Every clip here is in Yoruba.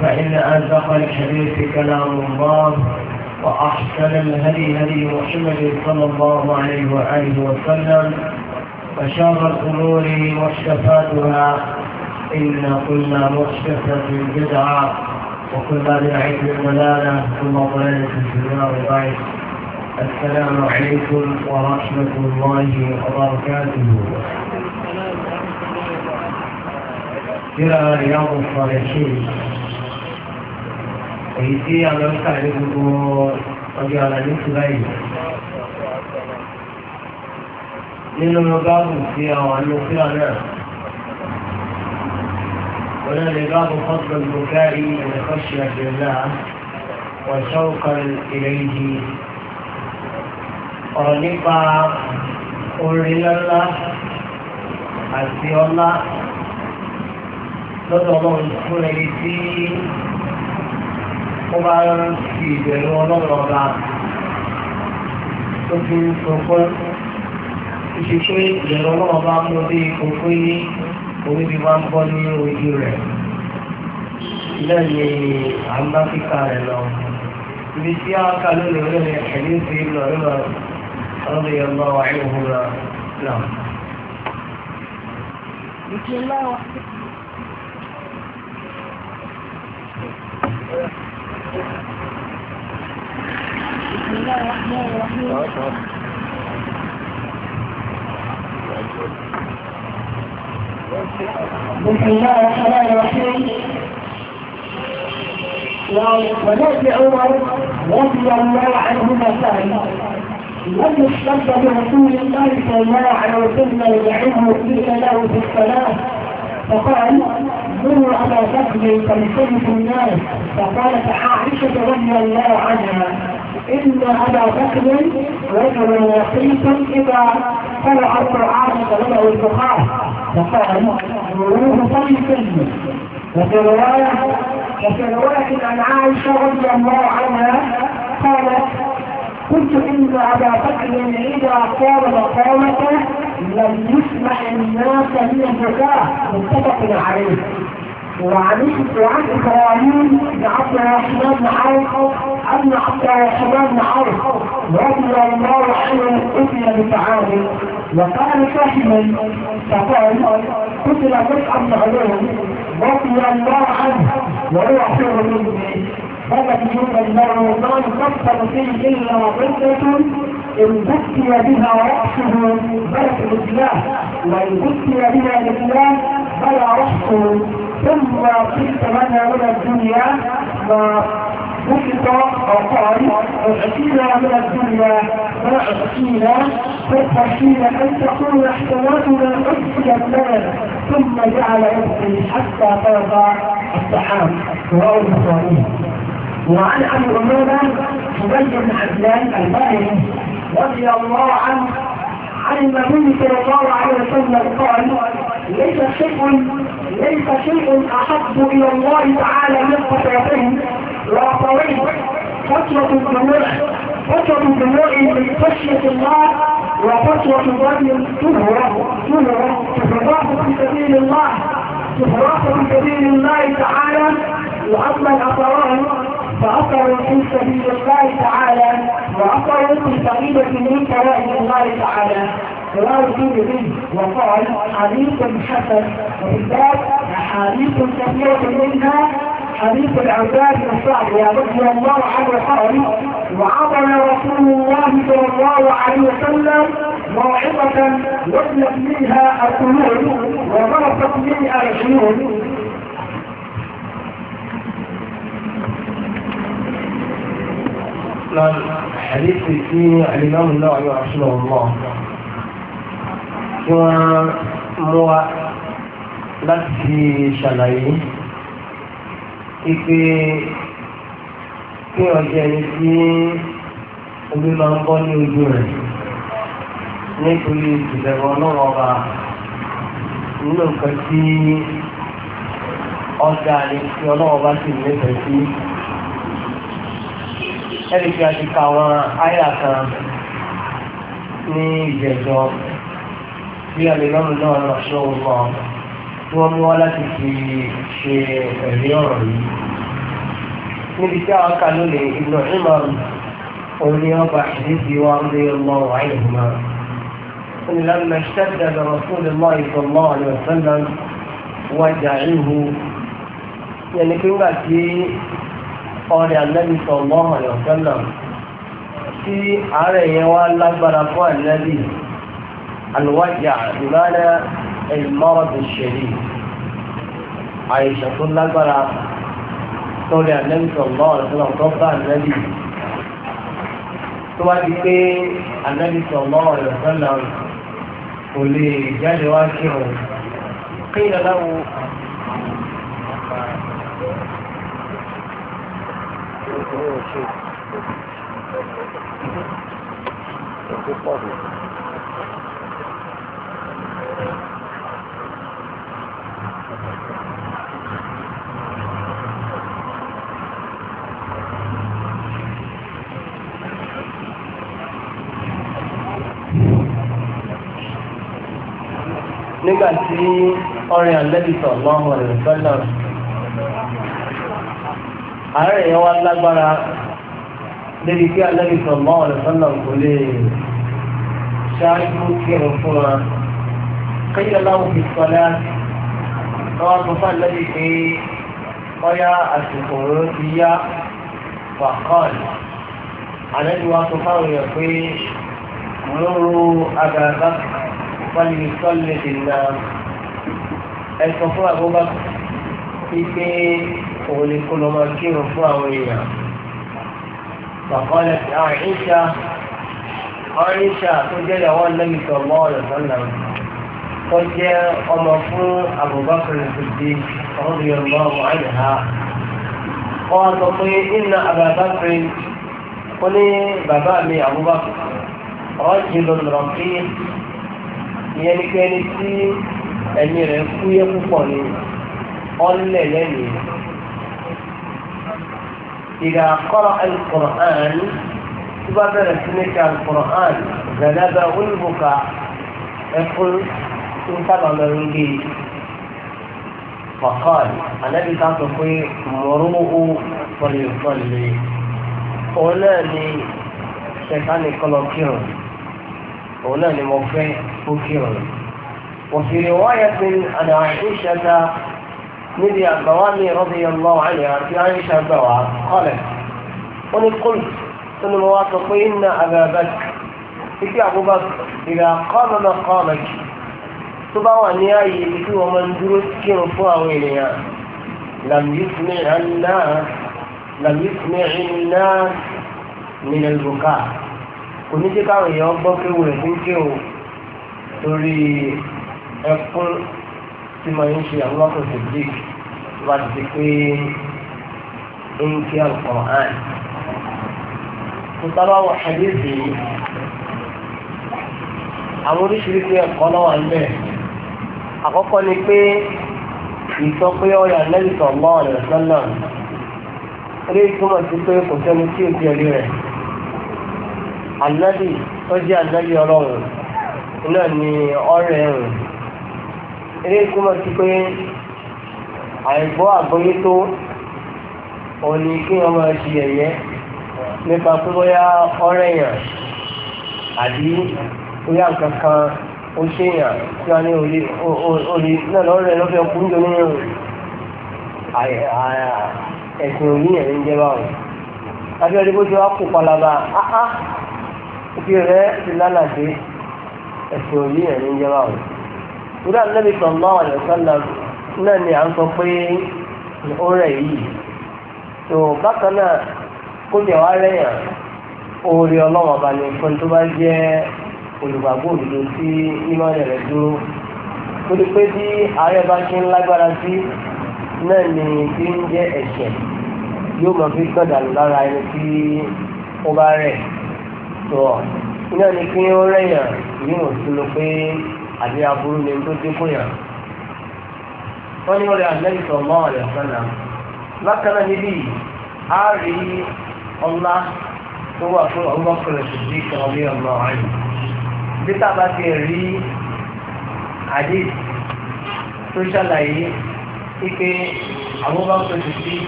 فإن أصدق الحديث كلام الله وأحسن الهدي هدي محمد صلى الله عليه وآله وسلم وشر الأمور محدثاتها إن كل محدثة بدعة وكل بدعة ضلالة ثم ضلالة في النار بعد السلام عليكم ورحمة الله وبركاته إلى رياض الصالحين èyí tí a lọ ń kàlẹ́ gbogbo ọjọ́ àlàyé ti báyìí nínú báàbù tí àwọn anúfíà náà ولا لباب فضل البكاء من خشية الله وشوقا إليه ọ̀rọ̀ nípa orin lọ́lá àti ọlá lọ́dọ̀ ọlọ́run fún ẹni tí ó máa ń fi ìbẹ̀rù ọlọ́run ọba tó fi ń sọkọ́ ṣe pé ìbẹ̀rù ọlọ́run ọba mú dé ipò pé ní orí bí wọ́n ń bọ́ ní ojú rẹ̀ náà ni à ń bá kíkà rẹ̀ lọ. ibi tí a kà lónìí olóòrè ẹ̀mí sí ìlú ọ̀rẹ́mọ̀ ọ̀rọ̀ ìyọ̀mọ̀ wàhálà òhun náà. بسم الله الرحمن الرحيم بسم الله الرحمن الرحيم ونبي عمر رضي الله عنهما سهل لم يشتد برسول الله صلى الله عليه وسلم يدعوه فيك له في الصلاه فقال مروا على بكر فلتجد الناس فقالت عائشه رضي الله عنها إلا على رجل وتواصيكم إذا طلع القرآن فبدأوا الفقهاء فقال ولوه صيف وفي رواية وفي رواية عن عائشة رضي الله عنها قالت كنت إن أبا بكر إذا قام مقامته لم يسمع الناس من الزكاة متفق عليه وعليه وعن إبراهيم عبد الرحمن بن عوف أن عبد الرحمن بن عوف رضي الله عنه قتل بتعاون وقال شحما فقال قتل مصعب بن علوم رضي الله عنه وهو حر مني فلم يكن له ما يكفر فيه إلا قدة إن بكي بها رأسه بلد الإسلام وإن بكي بها الإسلام فلا رحمه ثم قلت لنا من الدنيا ما قلت أو قال أعطينا من الدنيا ما أعطينا فتحين أن تكون احتمالنا أجزيا المال ثم جعل يبكي حتى طلب السحاب رواه البخاري وعن أبي أمامة حبيب بن عدنان الباهلي رضي الله عنه عن النبي صلى الله عليه وسلم قال ليس شيء ليس شيء احب الى الله تعالى من قطعته وطريق فترة الدموع فترة الدموع من خشية الله وفترة الرجل تهرة تهرة تهرة في سبيل الله تهرة في سبيل الله تعالى وأما الاطراف فأثروا في سبيل الله تعالى وأثروا في طريقة من كلام الله تعالى رواه به وقال حديث حسن وفي الباب أحاديث كثيرة منها حديث العباد بن سعد رضي الله عنه قال وعطل رسول الله صلى الله عليه وسلم موعظة وجلت منها القلوب وغرقت منها العيون الإسلام حديث في الإمام النووي رحمه الله wọ́n mú wa láti ṣàlàyé ipe kí ọjọ́ ẹni tí omi máa ń bọ́ ní ojú rẹ̀ nítorí ìbẹ̀rù ọlọ́run ọba nínú nǹkan tí ọjà ni tí ọlọ́run sì nífẹ̀ẹ́ sí ẹ̀rí fi àṣìkà àwọn àyà kan ní ìjẹ̀jọ́ bí alẹ́lọ́rù náà lọ ṣọ́ ọ̀pọ̀ tí wọ́n mú wá láti fi ṣe ẹ̀rí ọ̀rọ̀ yìí. níbi tí àwọn kan lónìí ìlú ìmọ̀ òun ọba àṣìṣe wa ń lé ọmọ wàhálà ìmọ̀. قل لما اشتد برسول الله صلى الله عليه وسلم وجعه يعني كنت ọ̀rẹ́ ànábì sallallahu alaihi wasallam tí àárẹ̀ yẹn wá lágbára fún ànábì alwajà ìbáná ẹ̀lmọ́rọ̀dù ṣẹlẹ̀ àìsàn tó lágbára sórí ànábì sallallahu alaihi wasallam tó bá ànábì tó wá di pé ànábì sallallahu alaihi wasallam kò lè jáde wá kírun kí ìlànà yóò ṣe ètò pọ̀ jù. nígbà tí ọrẹ àlẹ́bìtọ̀ lọ́wọ́ rẹ̀ sọ́nà ààrẹ yẹn wá lágbára débi pé alẹ́bí sọ̀rọ̀ mọ́ ọ̀rẹ́ sọ́nà kò lè ṣáájú kírun fún wa kéyìn aláwọ̀ fi sọ́lá lọ́wọ́ tó fà lẹ́bi pé ọ̀yá àsìkò rẹ̀ ti yá fàkọ́ọ̀lù àlẹ́bí wa tó fáwọn èèyàn pé lóru àgàgà wọ́n lè sọ́lẹ̀ ẹ̀sọ́ fún àbúgbà pípé òun ni kó lọ máa kírun fún àwọn èèyàn bàbáyà sí àìṣà àìṣà tó jẹ́ ìyàwó Ànábì sallallahu alaihi wasallam tó jẹ́ ọmọ fún Abubakar Siddiq radiyallahu anha wọ́n sọ pé inna Abubakar ó ní bàbá mi Abubakar rajulun raqih ìyẹn ni pé tí ẹni rẹ̀ kúyẹ́ púpọ̀ ni ọ̀lẹ̀ lẹ́yìn إذا قرأ القرآن تبادر سنك القرآن غلبه البكاء يقول انتبه من بي فقال النبي تعطي مروه فليصلي قولا لي شيطان كلوكيرون قولا لي موفي وكيرون وفي رواية عن عائشة نبي الضوامي رضي الله عنه في عائشة الضوى قال ومن قلت أن المواثقين أبا بكر إذا أبو بكر إذا قام مقامك تبعوا أن يأي بكي ومن دروسك رفاوينيا لم يسمع الناس لم يسمع الناس من البكاء ونجي كان يوبك ويبكي وري أقول tí mo ń ṣe àwọn ọkọ̀ tòbí tó bá ti di pé ń kí Al-Qur'an. Mùsàlùmá wọ àdéhùn yìí àwọn oríṣiríṣi ẹ̀kọ́ náà wà níbẹ̀. Àkọ́kọ́ ni pé ìsọ pé ọ̀yà lẹ́yìn sọ̀mọ́ ọ̀rẹ́ sọ́nà eré túmọ̀ sí pé kò sẹ́ni tí ò di ẹ̀rí rẹ̀. Ànábì tó jẹ́ ànábì ọlọ́run náà ni ọ̀rẹ́ rẹ̀ eré túmọ̀ sí pé àìgbọ́ àgbọ́yé tó òní kí wọ́n máa di ẹ̀yẹ nípa pé bóyá ọ̀rẹ́ yàn àbí bóyá nǹkan kan ó ṣe yàn tí wọ́n ní orí orí náà lọ́rẹ́ lọ́fẹ́ kú nítorí nínú ẹ̀sìn òní yẹn ń jẹ́ báwọn. abíọ́dé bó ti wá kó palaba áá òkè rẹ̀ ti lálàdé ẹ̀sìn òní yẹn ń jẹ́ báwọn ìdá Ànábì sallallahu alaihi wasallam náà ni à ń sọ pé ó rẹ̀ yìí tó bákan náà kó jẹ́ wá rẹ̀yàn oore ọlọ́wọ́n bá ní fún tó bá jẹ́ olùgbàgbọ́ òdodo tí ìmọ̀lẹ̀ rẹ̀ dúró torí pé bí ààrẹ bá ṣe ń lágbára sí náà ni tí ń jẹ́ ẹ̀ṣẹ̀ yóò mọ̀ fi gbọ̀dàlù lára ẹni tí ó bá rẹ̀ tó náà ni kí ó rẹ̀yàn yóò sínú pé àbí aburú ni tó dín fún yàn. wọ́n ní orí ànábì sallallahu alaihi wasallam bákan náà níbí á rí ọlá tó wà fún Abubakar Siddiq radiyallahu anhu. bí tábà ti rí àdé tó ṣàlàyé wípé Abubakar Siddiq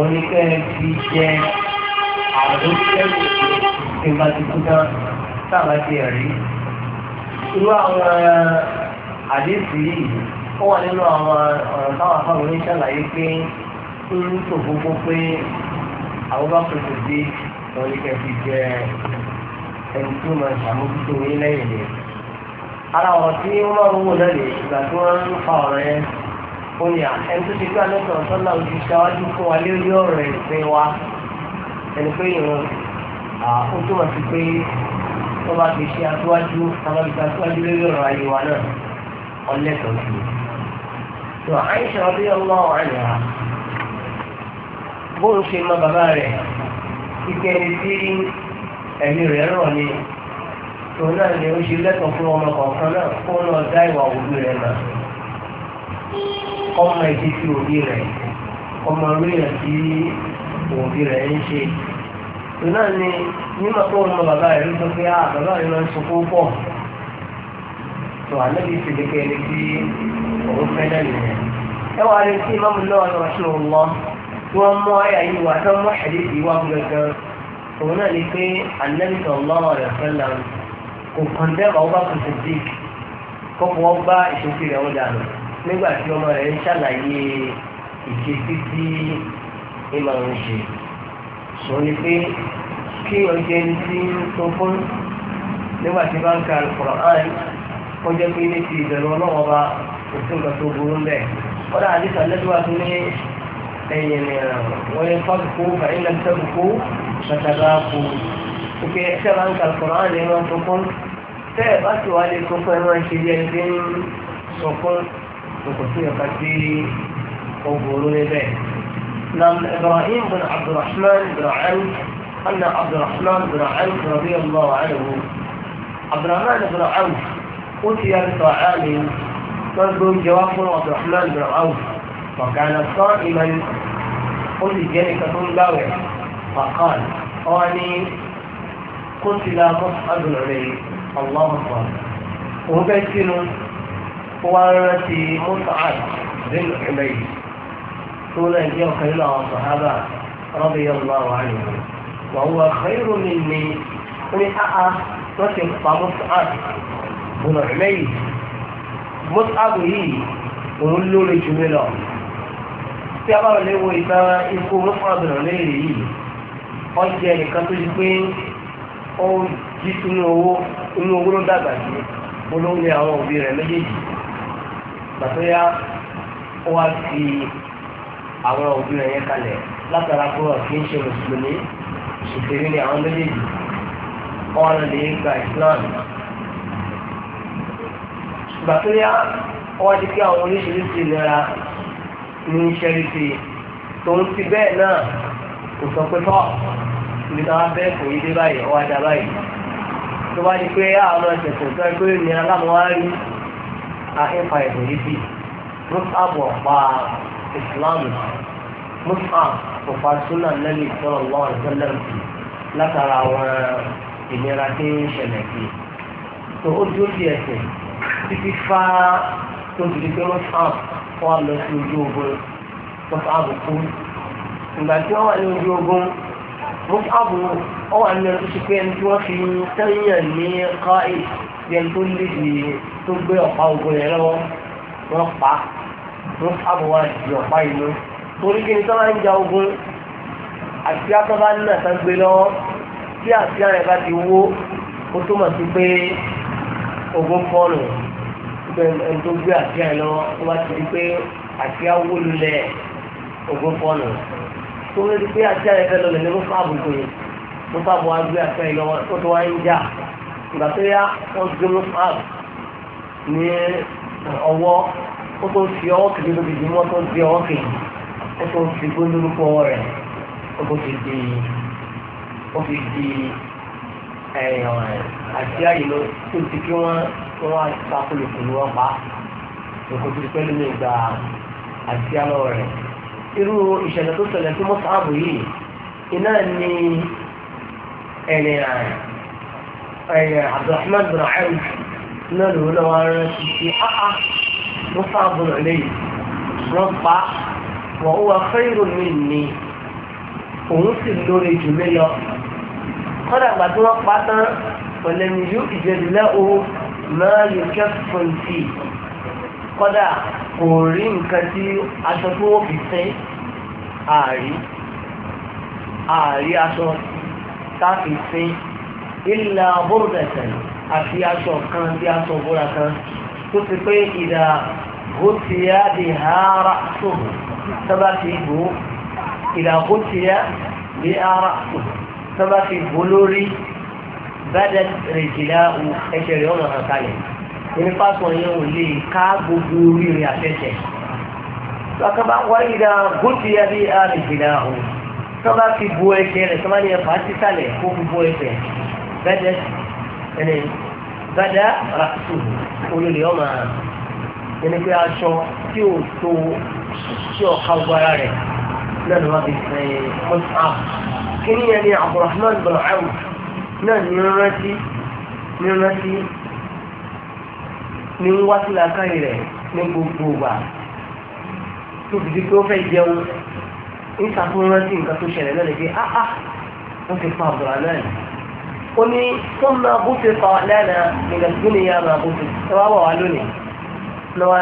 oníkẹ́ fi jẹ àdókẹ́rù ìgbàdìkúta tábà ti rí irú àwọn eh, àdéhùn yìí ó wà nínú àwọn ọ̀rọ̀ táwọn afárò ní ṣàlàyé pé ń tò gbogbo pé àwọn bá dé wọn ní kẹfì jẹ ẹni tó máa ṣàmójútó yín lẹ́yìn rẹ̀. ara ọ̀rọ̀ tí wọ́n máa ń wò lẹ́yìn ìgbà tí wọ́n ń fa ọ̀rọ̀ yẹn ó ní à ẹni tó ti gbé alẹ́ sọ̀rọ̀ sọ́lá ojú ṣáwájú fún wa lórí ọ̀rọ̀ ẹ̀sìn tó bá fi ṣe aṣíwájú àwọn ìgbà aṣíwájú lórí ọ̀rọ̀ ayé wa náà ọlẹ́tọ̀ọ́ sí i. tó àìṣe ọdún yẹn lọ́wọ́ àyà bóun ṣe mọ bàbá rẹ̀ kíkẹ́ ẹni tí ẹ̀mí rẹ̀ rọ̀ ni tòun náà ni ó ṣe lẹ́tọ̀ọ́ fún ọmọ kọ̀ọ̀kan náà kó náà dá ìwà òbí rẹ̀ mà ọmọ ìdí sí òbí rẹ̀ ọmọ orí rẹ̀ sí òbí rẹ̀ ń ṣe náà ni nígbà tó ń mọ bàbá rẹ̀ ló sọ pé ah bàbá rẹ̀ máa ń sunkún pọ̀ tó ànábi ìsèlékè ẹni tí òun fẹ́ náà nìyẹn. ẹ wá rí sí ìmáàmù náà lọ sí òun lọ tí wọ́n mú ayé yìí wá tí wọ́n mú ẹ̀dẹ́ yìí wá òun náà ni pé ànábi sallallahu alaihi wasallam kò kọ̀ndẹ́rù ọba kò sì dì kọ́kọ́ bá ìṣòfin rẹ̀ ń dànù nígbà tí ọmọ rẹ̀ ń ṣàlàyé ìṣesí tí ìmọ̀ ń sọ ni pé kí ọjọ́ ẹni tí ń sọ fún nígbà tí bá ń ka Al-Qur'an kó jẹ́ pé ní ti ìbẹ̀rù ọlọ́wọ́ bá òfin kan tó burú ń bẹ̀. kọ́dà àdìsá lẹ́dùwà tó ní ẹ̀yìn wọ́n yẹ fáàkì kó fàyín náà tẹ́kù kó pàtàkì kó. òkè ẹ̀ṣẹ́ bá ń ka Al-Qur'an ní ẹ̀rọ sọ fún tẹ́ ẹ̀ bá ti wá lè sọ fún ẹ̀rọ ṣe bí ẹni tí نعم إبراهيم بن عبد الرحمن بن عوف أن عبد الرحمن بن عوف رضي الله عنه عبد الرحمن بن عوف أتي بطعام مردود جواب عبد الرحمن بن عوف وكان صائما قل جلسة لوع فقال أني قتل مصعب عليه الله أكبر وهو بيتنا هو بن عمير سولا يجيو خيلا وصحابة رضي الله عنهم وهو خير مني من أأه وتبقى مصعب بن عميد مصعب هي وملو لجملة tí a bá lè wo ìta ikú mọ́sánàbìnà léèrè yìí wọ́n jẹ́ ẹnìkan tó ti pé ó jí sínú owó inú owó ló dàgbà sí olóńgbé àwọn òbí rẹ̀ méjèèjì gbàtóyá ó wá fi àwọn òbí rẹ̀ yẹn kalẹ̀ látara pé wọn kì í ṣe mùsùlùmí ṣùgbọ́n ní àwọn méjèèjì wọn lè gba Islam. ìgbà tó yá wọ́n ti kí àwọn oríṣiríṣi ìlera ní iṣẹ́ ríṣi tó ń ti bẹ́ẹ̀ náà kò sọ pé tọ́ ibi táwa bẹ́ẹ̀ kò yí dé báyìí ọwọ́ ajá báyìí tó bá di pé àwọn ẹ̀sẹ̀ tó tọ́ ẹgbẹ́ ìnira láwọn wá àìpa ẹ̀sẹ̀ yìí sí rúfàbọ̀ pa á ìsìláàmù mùsà ọ̀pá súnà lẹ́lẹ̀ ìtọ́rọ̀ lọ́wọ́ ìtọ́lẹ̀ látara àwọn ìnira tí ń ṣẹlẹ̀ sí i. tó ó dúró di ẹ̀sìn títí fá tó ti di pé mùsà wà lọ sí ojú ogun mùsà kú. ìgbà tí wọ́n wà ní ojú ogun mùsà ó wà ní ẹni pé ẹni tí wọ́n fi sẹ́yìn ní káì bí ẹni tó lè di tó gbé ọ̀pá ogun yẹn lọ́wọ́ wọ́n pa á fún àbúwá ìdí ọ̀pá inú torí kí ni sọ́wọ́n ń ja ogun àti akọ́bá náà tán gbé lọ́wọ́ tí àti àrẹ̀ bá ti wó ó túmọ̀ sí pé ogun fọ́ọ̀nù ẹni tó gbé àti àrẹ̀ lọ́wọ́ ó bá ti di pé àti awó lulẹ̀ ogun fọ́ọ̀nù tó lè di pé àti àrẹ̀ fẹ́ lọlẹ̀ ní ló fà àbùkù yìí ló agbé àti àrẹ̀ tó tó wá ń jà ìgbà tó yá wọ́n gbé ló fà ní ọwọ́ ó tó fi ọwọ́ kejì lóbi jù wọ́n tó gbé ọwọ́ kejì ó tó fi gbólórúkọ rẹ̀ ó tó fi di ó fi di ẹ̀yàn àti àyè ló tó ti kí wọ́n wọ́n ta kólókò ní wọ́n pa èkó tó ti pẹ́ lómi gba àti àlọ́ rẹ̀ irú ìṣẹ̀lẹ̀ tó ṣẹlẹ̀ tó mọ́sáàbù yìí iná ni ẹ̀rìn ẹ̀rìn Abdulrahman bin Awf náà lòun náà wá rántí sí áá. مصعب بن علي رفع وهو خير مني òun sì lórí jù mí lọ kọ́dà gbà tí wọ́n pa tán pẹ̀lẹ́mi yóò ìjẹ̀dùlẹ́ o máa yóò kẹ́kọ̀ọ́ sí i kọ́dà kò rí nǹkan tí aṣọ tí wọ́n fi sẹ́ ààrí ààrí aṣọ táàfin sẹ́ ilẹ̀ abúrúdẹ̀sẹ̀ àti aṣọ kan bí aṣọ búra kan tó ti pé ìdá gótìyà di hàárà sóhù sábà ti bò ó ìdá gótìyà di hàárà sóhù sábà ti bò lórí bẹ́ẹ̀ rèjìlá ẹsẹ̀ rẹ̀ ọ̀nà kan kalẹ̀ nípa sọ yẹn ò lè ká gbogbo orí rẹ̀ àtẹ̀tẹ̀ akaba wa ida guti ya bi alihilahu tọba ti bu ẹsẹ̀ rẹ̀ tọba ni ẹfà sísàlẹ̀ kó fi bu ẹsẹ̀ bẹdẹ ẹnẹ bẹdẹ olólè ọmọ àrùn ẹni pé aṣọ tí ò tó tí ọ̀ka gbára rẹ̀ náà ni wọ́n fi fẹ́ mọ́sáàf kí ni ẹni Abdurrahman bin Awf náà ní rántí ní rántí ní wá sí làákàyè rẹ̀ ní gbogbo wa tó fi di pé ó fẹ́ jẹun ń sàkóńrántí nǹkan tó ṣẹlẹ̀ náà lè fi áá wọ́n ti pa Abdurrahman náà ó ní tó máa búte pa lẹ́nà ìgbàgbọ́nìyà máa búte ẹ wá wà wá lónìí lọ́wọ́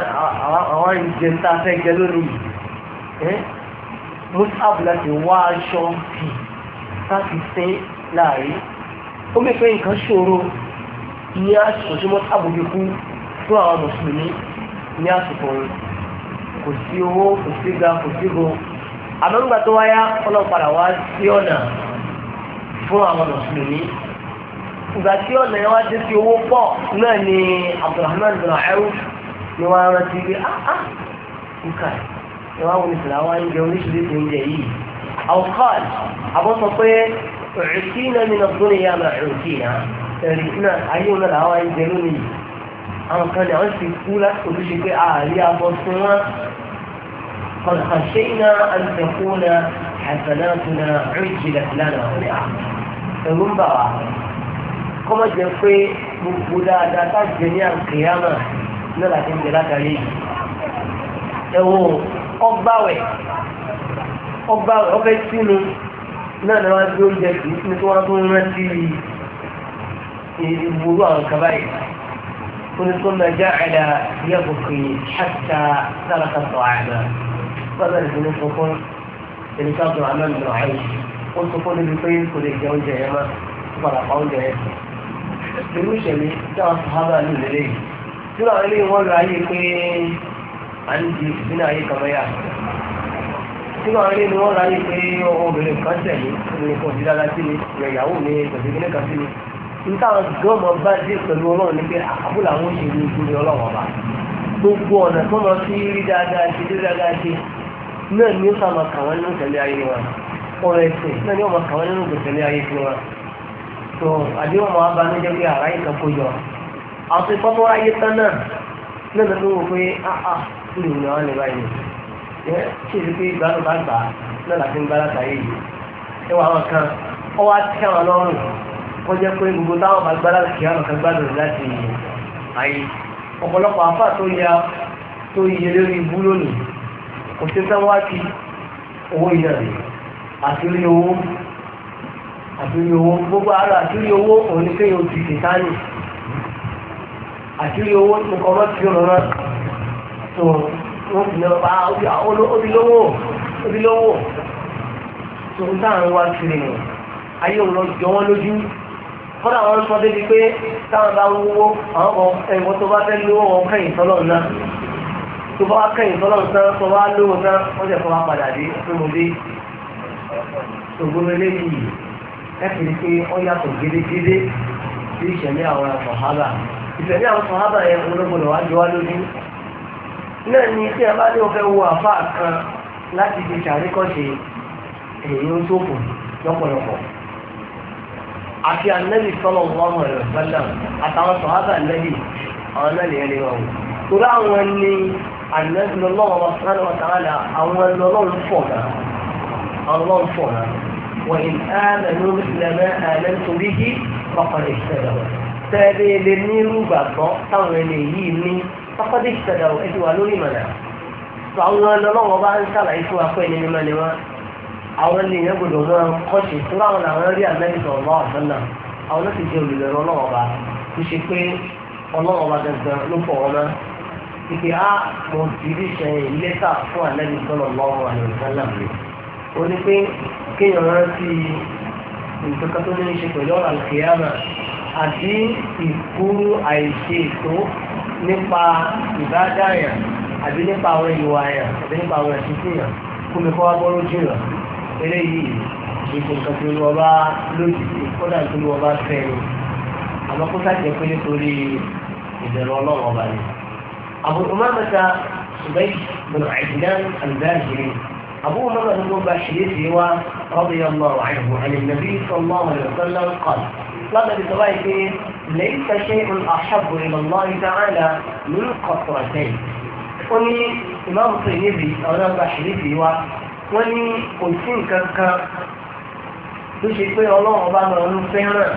àwọn ìjẹun tá a fẹ́ jẹ lónìí musab láti wá aṣọ bì láti sin láàrin ó mẹ́ pé nǹkan ṣòro ní àsìkò tí musab fi kú fún àwọn mùsùlùmí ní àsìkò rẹ̀ kò sí owó kò sí ga kò sí go àmọ́ nígbà tó wáyá ọlọ́pàá wá sí ọ̀nà fún àwọn mùsùlùmí ìgbà tí ọ̀nà yẹn wá dé sí owó pọ̀ náà ni Abdulrahman bin Awf ni wọ́n á rántí pé áá ah, ah, nǹkan ẹ̀ wá wọn ìsìlá wá ń jẹ oríṣiríṣi oúnjẹ yìí alqaal àbọ̀ sọ pé òrìṣì náà nínú ọdún ìyá àmà òrìṣì náà ẹ̀rì náà ayé wọn làwọn ń jẹ lónìí àwọn kan ní àwọn sì kú láti ojúṣe pé àárí abọ́ fún wọn قد خشينا أن تكون حسناتنا عجلت لنا هنا kọ́mọ jẹ pé gbogbo dáadáa táàjẹ ní àkèyàmà náà láti ń jẹ látàrí yìí ẹ̀wọ̀ ọgbàwẹ̀ ọgbàwẹ̀ ọbẹ̀ sínú náà ni wọ́n gbé oúnjẹ kì í sínú tí wọ́n tó ń rántí ìwúrú àwọn kaba yìí kuni kuma jacala yabuki xata saraka daacna badan sini sukun sini kaa ducaman ducay u sukun ibi fayin kuli jawjayama bala qawjayasa irú ìṣẹ̀lẹ̀ táwọn sàhábà ní ìrẹ̀lẹ̀ yìí tí wọ́n lè wọ́n lọ ayé pé à ń di ìdínà ayé kan mẹ́yà tí wọ́n lè wọ́n lọ ayé pé obìnrin kan tẹ̀lé obìnrin kan ti dára sí mi ìyàwó mi ìgbàgbé kan sí mi ní táwọn gọ́ọ̀mù bá dé pẹ̀lú ọlọ́run ní pé àkàbọ̀ làwọn ò ṣe ní ìgbóni ọlọ́run ọba gbogbo ọ̀nà tó lọ sí rí dáadáa ṣe rí dáadáa ṣe náà ni ó kàwọn nínú tẹ̀lé ayé wọn ọ̀rọ̀ ẹ̀sìn náà ni ó kàwọn nínú tẹ̀lé ayé wọn tó àdéhùn wọn abanújẹ́ pé àrá yìí kan kó yọ àwọn tó kọ́kọ́ ayé tán náà náà ló wò pé áá ah, ah, kí ló ń lọ wọn lè báyìí ẹ ṣe é pé ìgbàlù bá gbà náà láti ń gbára tàyè yìí ẹ wà àwọn kan ọ wá tẹ àwọn lọ́rùn wọ́n jẹ́ pé gbogbo táwọn bá gbára kì í àwọn kan gbádùn láti ayé ọ̀pọ̀lọpọ̀ afá tó ya tó yẹ lórí ibú lónìí kò sí sáwá kí owó ìyá rẹ̀ àti orí owó àtúrí owó gbogbo ara àtúrí owó òun ni kéèyàn ti ṣètánì àtúrí owó nǹkan ọmọ tí ó rọrọ tó wọn fi lọ bá obilówó obilówó tó ń táwọn wá kiri nù ayé òun lọ jọ wọn lójú kọ́dà wọn sọ débi pé táwọn bá wúwo àwọn kan ẹ̀wọ́n tó bá fẹ́ lówó wọn kẹ́yìn sọ́lọ́ náà tó bá kẹ́yìn sọ́lọ́ tán tó bá lówó tán wọ́n jẹ́ fọwọ́ padà dé fún mi dé ògbómi lẹ́yìn ẹ̀kì ni pé ó yàtọ̀ gédégédé sí ìṣẹ̀lẹ̀ àwọn sàhábà ìṣẹ̀lẹ̀ àwọn sàhábà yẹn ológun lọ́wọ́ jọ wá lójú náà ni tí a bá ní ọ̀fẹ́ wo àfa kan láti fi ṣàríkọ́ṣe èyí ó ṣòfò lọ́pọ̀lọpọ̀ àti ànẹ́bì sọ́lọ̀ wọ́n rẹ̀ sọ́lọ̀ àtàwọn sọ̀hábà ànẹ́bì àwọn náà lèyẹn lè wọ̀ wò torí àwọn ni ànẹ́bì lọ́wọ́ wọn sọ́lọ̀ wọn tààlà àwọn lọ́lọ́run fọ̀ náà àwọn fọ̀ náà وإن آمنوا مثل ما آمنت به فقد اهتدوا tẹ́lẹ̀ lè ní rúgbà tán táwọn ẹni yìí ní faqad ihtadaw ẹ̀dí wà lórí mọ̀nà àwọn ọlọ́wọ́ bá ń ṣàlàyé fún akọ́ ẹni mímọ́ ni wọ́n àwọn ènìyàn gbọdọ̀ mọ́ kọ́ṣì tó láwọn làwọn rí amẹ́ríkà ọ̀nà ọ̀sánà àwọn ló ti jẹ ọlọ́wọ́ bá kò ṣe pé ọlọ́wọ́ bá dandan ló fọ̀ wọn mọ́ ìpè á mọ̀ kéèyàn rántí nǹkan kan tó ní í ṣe pẹ̀lú ọ̀rọ̀ àlùkìyàmà àti ìkúrú àìṣe ètò nípa ìbádáyàn àbí nípa àwọn ìwà àyàn àbí nípa àwọn ẹ̀sìn síyàn kúmi kọ́ wá bọ́rọ̀ jìnà eléyìí ìṣe nǹkan tó lu ọba lójijì kódà tó lu ọba fẹ́ni àmọ́ kó sàjẹ́ pé nítorí ìbẹ̀rù ọlọ́run ọba ni. àbùkù máa mẹ́ta ṣùgbọ́n ìbùnà àìsílẹ̀ àlùbẹ́ àjẹrẹ́ أبو هريرة بن بشير رضي الله عنه عن النبي صلى الله عليه وسلم قال لقد روايته ليس شيء أحب إلى الله تعالى من قطرتين وني إمام طيبي أو أنا بشير وني قلتين كذكا تشي في الله أبانا ونفهنا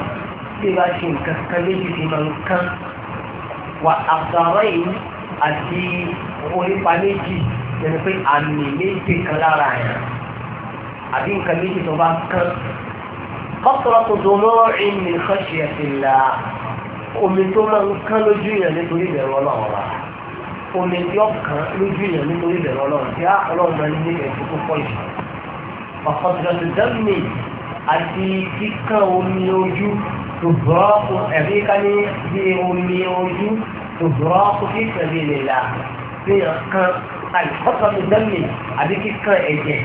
بما شين كذكا ليجي في من كان أتي أولي yẹn pé àmì méjì kan lára yẹn àbí nǹkan méjì tó bá kán kọ́sọ̀rọ̀ tó dùn mọ́ ìmì khashyatillah omi tó máa ń kán lójú yẹn nítorí ìbẹ̀rù ọlọ́run wa omi tí ó kán lójú yẹn nítorí ìbẹ̀rù ọlọ́run tí á ọlọ́run máa ń ní ẹ̀jú tó pọ̀ jù ọ̀kọ̀sọ̀rọ̀ tó àti kíkán omi ojú tó bọ́ ẹ̀rí ká ní bí omi ojú tó bọ́ kó fi sabilillah fi hàn kán àìkọ́tọ̀ ní àbí kíkan ẹ̀jẹ̀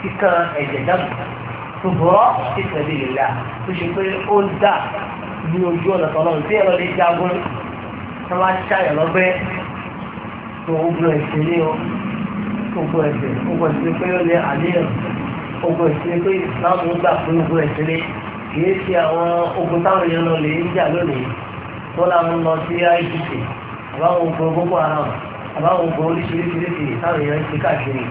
kíkan ẹ̀jẹ̀ dánmì tó bọ́ ìlera tó ṣe pé ó dà ní ojú ọ̀nà tọ́lọ́run tí ẹ̀rọ lè jagun tó bá ṣàyẹ̀ lọ́gbẹ́ tó ogun ẹ̀sìn ní o ogun ẹ̀sìn ogun ẹ̀sìn pé ó ní àníyàn ogun ẹ̀sìn pé ìsìláàmù gbà pé ogun ẹ̀sìn ní kìí ṣe àwọn ogun táwọn èèyàn lọ lè ń jà lónìí tó láwọn lọ sí ICC àbáwọn ogun gbogbo ara àbáwọn nǹkan oríṣiríṣiríṣi táwọn èèyàn ń ṣe káàkiri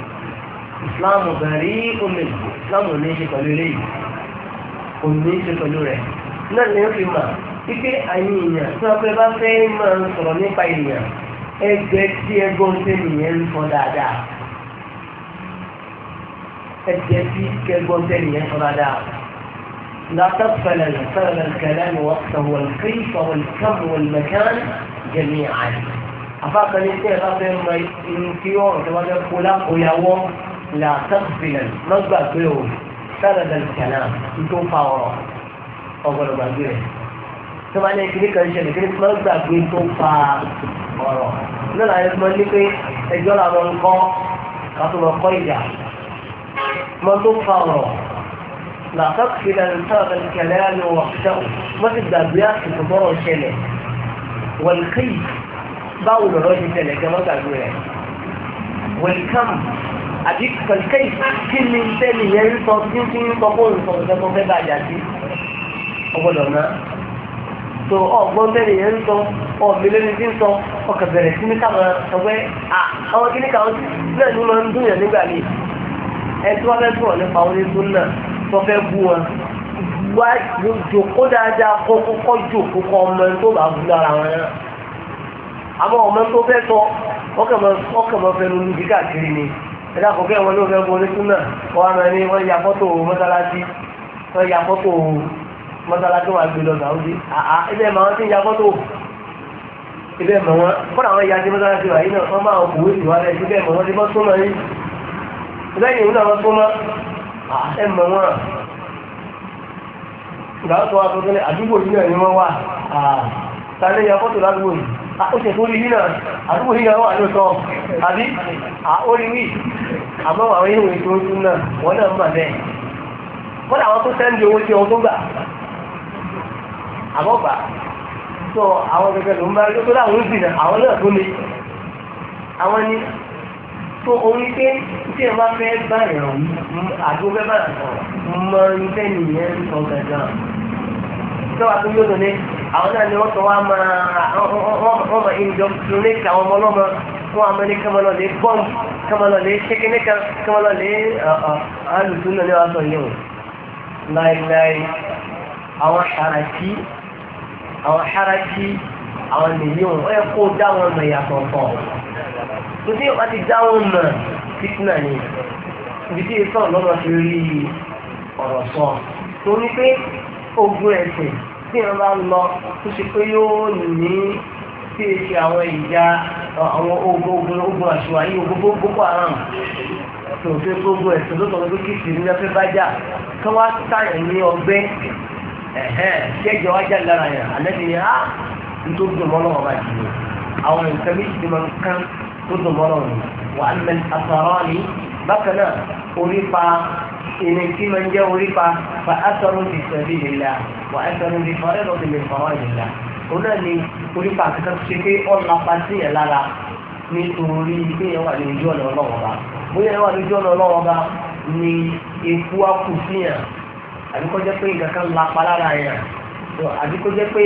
ìsìláàmù gàrí omi ìsìláàmù ní í ṣe pẹ̀lú eléyìí kò ní í ṣe pẹ̀lú rẹ̀ náà ni ó fi mà wípé àyìn èèyàn tí wọn pẹ bá fẹ́ máa ń sọ̀rọ̀ nípa èèyàn ẹgbẹ́ tí ẹgbọ́n tẹ́ nìyẹn ń sọ dáadáa ẹgbẹ́ tí ẹgbọ́n tẹ́ nìyẹn ń sọ dáadáa. لا تغفل الكلام وقته والكيف والكم والمكان جميعا afáfẹ́lẹ́ tẹ́ ẹ bá fẹ́ mọ irun kí ọ̀rọ̀ tó bá fẹ́ kó lápòyàwọ́ là sẹ́kùfìlẹ̀ lọ́gbà pé o sáradà ìkànnà tó fa ọ̀rọ̀ ọgbọ̀dọ̀ gbàgbé rẹ̀ tó bá ní kíní kan ṣẹlẹ̀ kíní kan gbàgbé tó fa ọ̀rọ̀ náà láyé mọ́ ní pé ẹjọ́ làwọn ń kọ́ kátó lọ kọ́ ìjà mọ́ tó fa ọ̀rọ̀ là sẹ́kùfìlẹ̀ sáradà ìkànnà ni wọ́n ti gbàgbé àsìkò bọ́rọ̀ báwo lọ̀rọ̀ ṣe tẹ̀lẹ̀ gan rẹ̀ welcome àbí kẹ̀kẹ́ kí ni tẹ́lẹ̀ yẹn ń sọ kí ń fi ń sọ fóònù fẹ́ bá àjà sí ọgbọ́dọ̀ náà so ọgbọ́n tẹ́lẹ̀ yẹn ń sọ ọ̀mílẹ́ni tí ń sọ ọkà bẹ̀rẹ̀ sí ní káwọn ẹgbẹ́ àwọn kí ní káwọn náà ni wọ́n ń dún yẹn nígbà mi ẹ tí wọ́n fẹ́ sọ̀rọ̀ nípa wọn ní tún náà tó fẹ́ bú wọn wá jòkó dáadáa kó kókó jòkó kọ́ ọmọ tó bá bú lára wọn náà àmọ́ ọmọ tó fẹ́ sọ ọkàmọ́ fẹnu lùdí káàkiri ni ẹ̀dá kò kẹ́ wọn ló fẹ́ borí súnà wọn àmọ́ ẹni wọ́n ya fọ́tò mọ́sálásí wọ́n ya fọ́tò mọ́sálásí wọn àgbélọ sàwùdí àá ibẹ̀ màá ti ya fọ́tò ibẹ̀ mọ̀ wọn kọ́nà àwọn ya sí mọ́sálásí wà yìí náà wọ́n máa kò wéjì wá lẹ́yìn ibẹ̀ mọ̀ wọn ti bọ́ súnmọ́ yìí lẹ́yìn ìwúlọ̀ wọn súnmọ́ ẹ̀ mọ̀ wọn ìgbà àdúgbò yìí náà ni wọ́n wà tani ya fọ́tò ládùúgbò yìí àkóṣe tó rí nílẹ̀ àdúgbò yíya wà ló sọ àbí àóríwì àmọ́ àwọn ìwé tó ń náà wọ́n náà mà bẹ́ẹ̀ wọ́n làwọn tó sẹ́ńdì owó tí wọ́n tó gbà àmọ́ gbà sọ àwọn gẹ́gẹ́ ló ń bá rí tó láwọn ń dìnà àwọn náà tó le àwọn ni tó orí pé tí ẹ bá fẹ́ bá ìrọ̀ àdúgbò fẹ́ bá ìrọ̀ mọ ní fẹ́ tọ́wà tó yóò lónìí àwọn náà ni wọ́n tọ́ wá máa wọ́n máa indoctrinate àwọn ọmọ ọlọ́mọ fún àwọn ẹni kẹ́mọ́ lọ lé bọ́m kẹ́mọ́ lọ lé ṣékiní kan kẹ́mọ́ lọ lé alùpùpù náà ni wàá sọ yẹn o láìláì àwọn ṣàràkí àwọn ṣàràkí àwọn nìyẹn o ẹ kó dá wọn mọ ìyàtọ̀ pọ̀ tó tí wọ́n ti dá wọn mọ fitna ni ibi tí ìsọ̀rọ̀ lọ́rọ̀ ti rí ọ̀rọ̀ sọ torí pé ogun ẹ̀sìn tí wọ́n bá ń lọ tó ṣe pé yóò ní tí e ṣe àwọn ìjà àwọn ogun ogun àṣùwà yìí ogun boko haram tó ṣe pé ogun ẹ̀sìn tó tọ́jú kí sì ní ọfẹ́ bá jà kí sáyẹn ní ọgbẹ́ kẹjọ wá jà lára yẹn àlẹ́bí ni á nítorí dùn mọ́ lọ́wọ́ bá jù àwọn nǹkan méjì ti máa kán tó dùn mọ́ lọ́wọ́ wà á mẹ́lẹ́ àtàrà ni bákan náà orí pa ìní tí ma ń jẹ́ orí pa fa asọ́rọ̀ ti sẹ́bí ìlà wà asọ́rọ̀ ti fọ́ ẹ̀rọ ti lè fọ́rọ̀ ìlà òun náà ni orí pa àti kan ṣe pé ọ̀nà pa sí yẹn lára nítorí pé yẹn wà ní ojú ọ̀nà ọlọ́wọ́ bá bóyá yẹn wà ní ojú ọ̀nà ọlọ́wọ́ bá ni eku á kù sí yẹn àbí kó jẹ́ pé nǹkan kan la pa lára yẹn àbí kó jẹ́ pé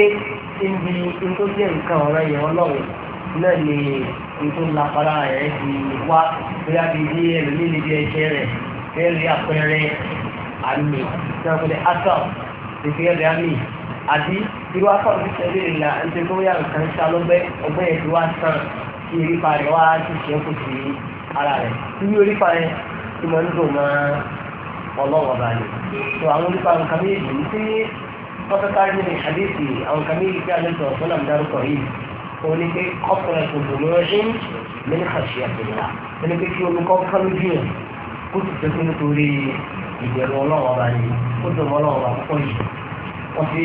níbi tó jẹ́ nǹkan ọ̀rọ̀ yẹn ọlọ́wọ́ náà ni nítorí la pa lára yẹn ti wá bóyá bíi bí ẹlòmíì níbi ẹ̀ṣẹ̀ rẹ̀ fẹ́ẹ̀rí àpẹẹrẹ àmì ìsànkúlẹ̀ asal ti fẹ́ẹ̀rí àmì àbí irú asal ti tẹ̀lé ìlà ẹ̀jẹ̀ tó yà nǹkan ṣá lọ́gbẹ́ ọgbẹ́ yẹn ti wá sàn kí erípa rẹ̀ wá ti ṣẹ́kù sí ara rẹ̀ irú erípa rẹ̀ tí mo ń dùn mọ́ ọlọ́wọ́ balẹ̀ tó àwọn onípa nǹkan méjì ní sí pọ́tọ́kárí ní àdéhì àwọn nǹkan méjì tí a lè sọ̀rọ̀ fún àmì òní pé ọkùnrin kò dùn lọ́rẹ́ ní ní àṣìyàtọ̀ ìlà ẹni pé kí omi kọ́ kánú jù kó sì tẹ́kún nítorí ìbẹ̀rù ọlọ́wọ́ bá ní kó tẹ̀wọ́ ọlọ́wọ́ bá púpọ̀ yìí wọ́n fi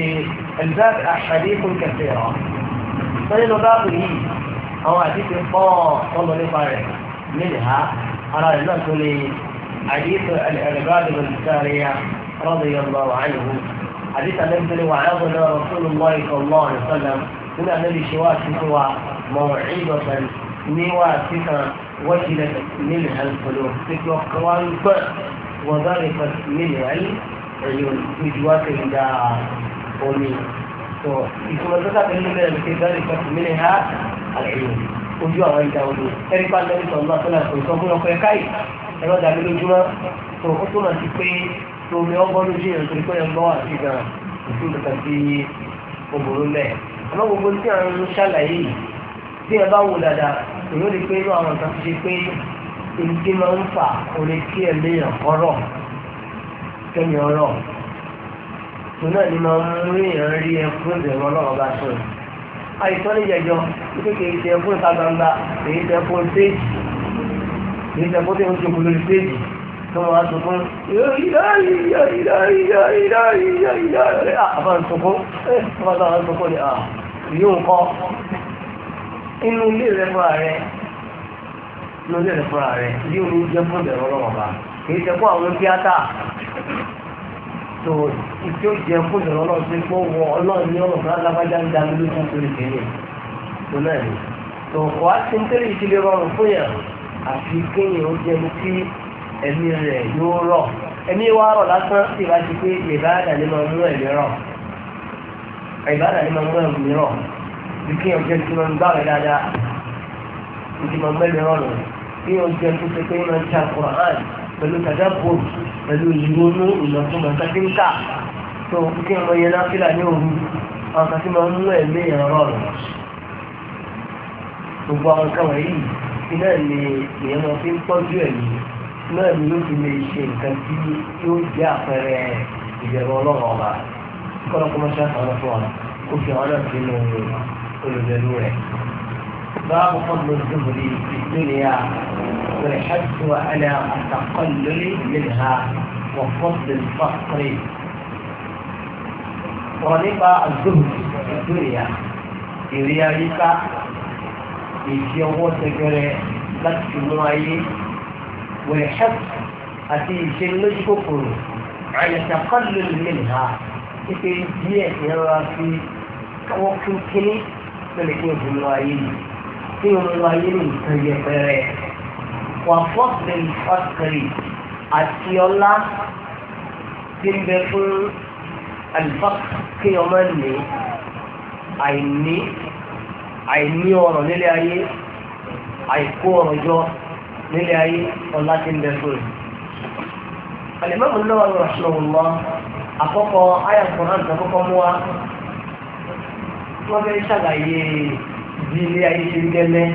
ẹ̀dá àṣàdé kó kẹfẹ́ ọ̀ sọ́dẹ́ lọ báàbù yìí àwọn àdìsí pọ̀ ọlọ nípa rẹ̀ nílẹ̀ ha ara rẹ̀ náà tó lè àdìsí ẹ̀lẹ́gbàdì olùsáríyà rọ́dọ̀ yọ̀ lọ́wọ́ àyẹ̀wò àdìsí alẹ́gbẹ̀rẹ̀ wà áwọn náà وجلت منها القلوب تكوى قوان وضربت منها العيون وجوات داعا قومي ìtumọ̀ tó sábẹ̀ nínú mẹ́rin pé bẹ́ẹ̀ nìkan ti ha àlẹ́yìn ojú àwọn ìjà odò ẹni pa lẹ́yìn tó ń bá sọ́nà tó sọ fún ọkọ̀ ẹ̀ka yìí ẹ̀rọ dàbí lójúmọ́ tó ó túmọ̀ sí pé lómi ọgbọ́n lójú yẹn torí pé ẹgbọ́n àti gan òfin kankan sí obìnrin mẹ́ tí ẹ bá wò dáadáa èyí ó lè pé inú àwọn nǹkan ti ṣe pé ìdí máa ń fà orí kí ẹ léèyàn kọ́rọ̀ kẹ́mi ọ̀rọ̀ tó náà ni máa ń mú èèyàn rí ẹkún ìbẹ̀rù ọlọ́run bá sọ̀rọ̀ àìsàn ní jẹjọ wípé kìí ṣe ẹkún ìta gbangba kìí ṣe ẹkún séèjì kìí ṣe ẹkún tí wọ́n kú lórí séèjì tó wọ́n á sunkún ìdáyìíyáyìíyáyìíyáyìíyáyìíyáyìí àbá ń sunkún àbá ń sunkún ni à yóò kọ́ inú ilé rẹ fúnra rẹ inú ilé rẹ fúnra rẹ bí omi jẹ fún ìbẹ̀rù ọlọ́wọ́n bá kì í ṣe fún àwọn tíátà tó ìtí ó jẹ fún ìbẹ̀rù ọlọ́wọ́n tó kó wọ ọlọ́run ní ọ̀rọ̀ fúnra lágbájá ń dání lójú nítorí kìíní tó náà ni tó kọ́ á ti ń tẹ́lẹ̀ ìdílé rọrùn fún yẹn àfi kéèyàn ó jẹ ní kí ẹ̀mí rẹ̀ yóò rọ̀ ẹ̀mí wa rọ̀ lásán ìbá ti pé ìbáradà ni máa mú ẹ̀mí rọ̀ ìbáradà ni máa mú ẹ̀mí rọ̀ bí kí ọjọ́ tí wọ́n ń bá rẹ̀ dáadáa ìdí máa mẹ́lẹ̀ rọ̀nà kí ọjọ́ tó ṣe pé wọ́n ń ṣe àkùrán pẹ̀lú tàdápò pẹ̀lú ìrònú ìlọ́túnmọ̀ kàtíńkà tó kí ọmọ yẹn láfíà ní òru àwọn kàtí máa ń mú ẹ̀mí ìrànlọ́ rẹ̀ gbogbo àwọn kan wọ̀nyí iná ni èèyàn máa fi ń tọ́jú ẹ̀mí náà ni ló fi lè ṣe nǹkan tí yóò jẹ́ àpẹẹrẹ ìbẹ̀rù ọlọ́run ọba kọ́lọ́kọ́ mọ́ṣáláṣí ọlọ́fọ́ wa kó fi àwọn náà sínú ìrònú. يدخل الجنون باب فضل الزهد في الدنيا ولحدت على التقلل منها وفضل الفقر طريق الزهد في الدنيا في رياليكا في شيوخ تجري بس معين ولحدت أتي شل الشكر على تقلل منها في هي في وقت náà lè kí o dùn lọ ayé yìí kí o lọ ayé ní nǹkan yẹpẹrẹ wà fọ́ọ̀sì fásitì àti ọlá tí ń bẹ fún alifásitì kí ọmọ ní àìní àìní ọ̀rọ̀ nílé ayé àìkó ọ̀rọ̀ jọ nílé ayé ọlá tí ń bẹ fún alimami náà wà lọ́wọ́ àkọ́kọ́ ayé àkùnrin àti àkọ́kọ́ mú wa wọ́n fẹ́ ṣàlàyé bí ilé ayé ṣe ń gẹ́lẹ́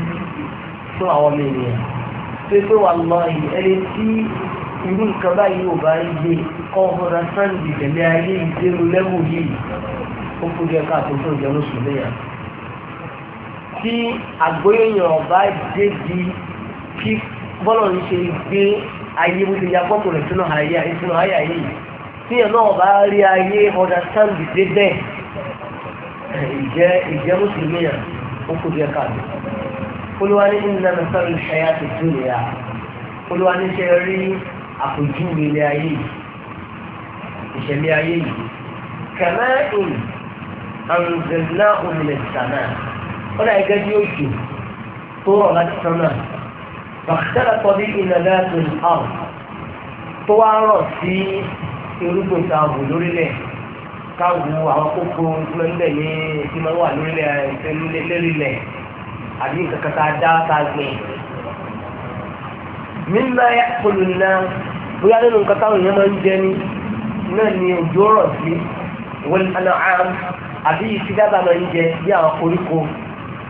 fún àwọn ọmọ ènìyàn pé pé wà lọ ẹni tí irú nǹkan báyìí ò bá yé kọ́ ọ̀rọ̀ sáǹdì tẹ̀lé ayé ìdérò lẹ́wù yìí ó kú jẹ́ káàtó fún ìjọba oṣù lẹ́yìn tí àgbóyèyàn ọba débi kí bọ́lọ̀ ń ṣe gbé ayé bó ti ya pọ́pù rẹ̀ sínú ayé yìí tí yẹn náà ọba rí ayé ọ̀dà sáǹdì dé bẹ́ẹ̀ ìjẹ́ ìjẹ́ mùsùlùmí yàn ó kú bí ẹ̀ka mi olúwa ní ìlànà mẹ́sàn-án ìṣẹ́ àti ìdúnìyà olúwa ní ṣe rí àpèjúwe ilé ayé yìí ìṣẹ̀lẹ̀ ayé yìí kẹmẹ́rin àrùnzẹ̀lá òmìnir sàmà ó náà gẹ́gẹ́ bí òjò tó rọ̀ láti sánmà bàtẹ́rẹ̀ pọ̀ bí ìlànà tó tó wá rọ̀ sí irúgbìn tààbò lórílẹ̀ yìí káàbù àwọn kókó ìfúnlẹ̀ ní ti máa wà lórílẹ̀ lórílẹ̀ àbí kankan tá a dá tá a gbìn. mímọ ẹ kọlù náà bóyá nínú nǹkan táwọn èèyàn máa ń jẹ ní náà ni òjò rọ̀ sí wọ́n ní àbí ìfidábà máa ń jẹ bí àwọn koríko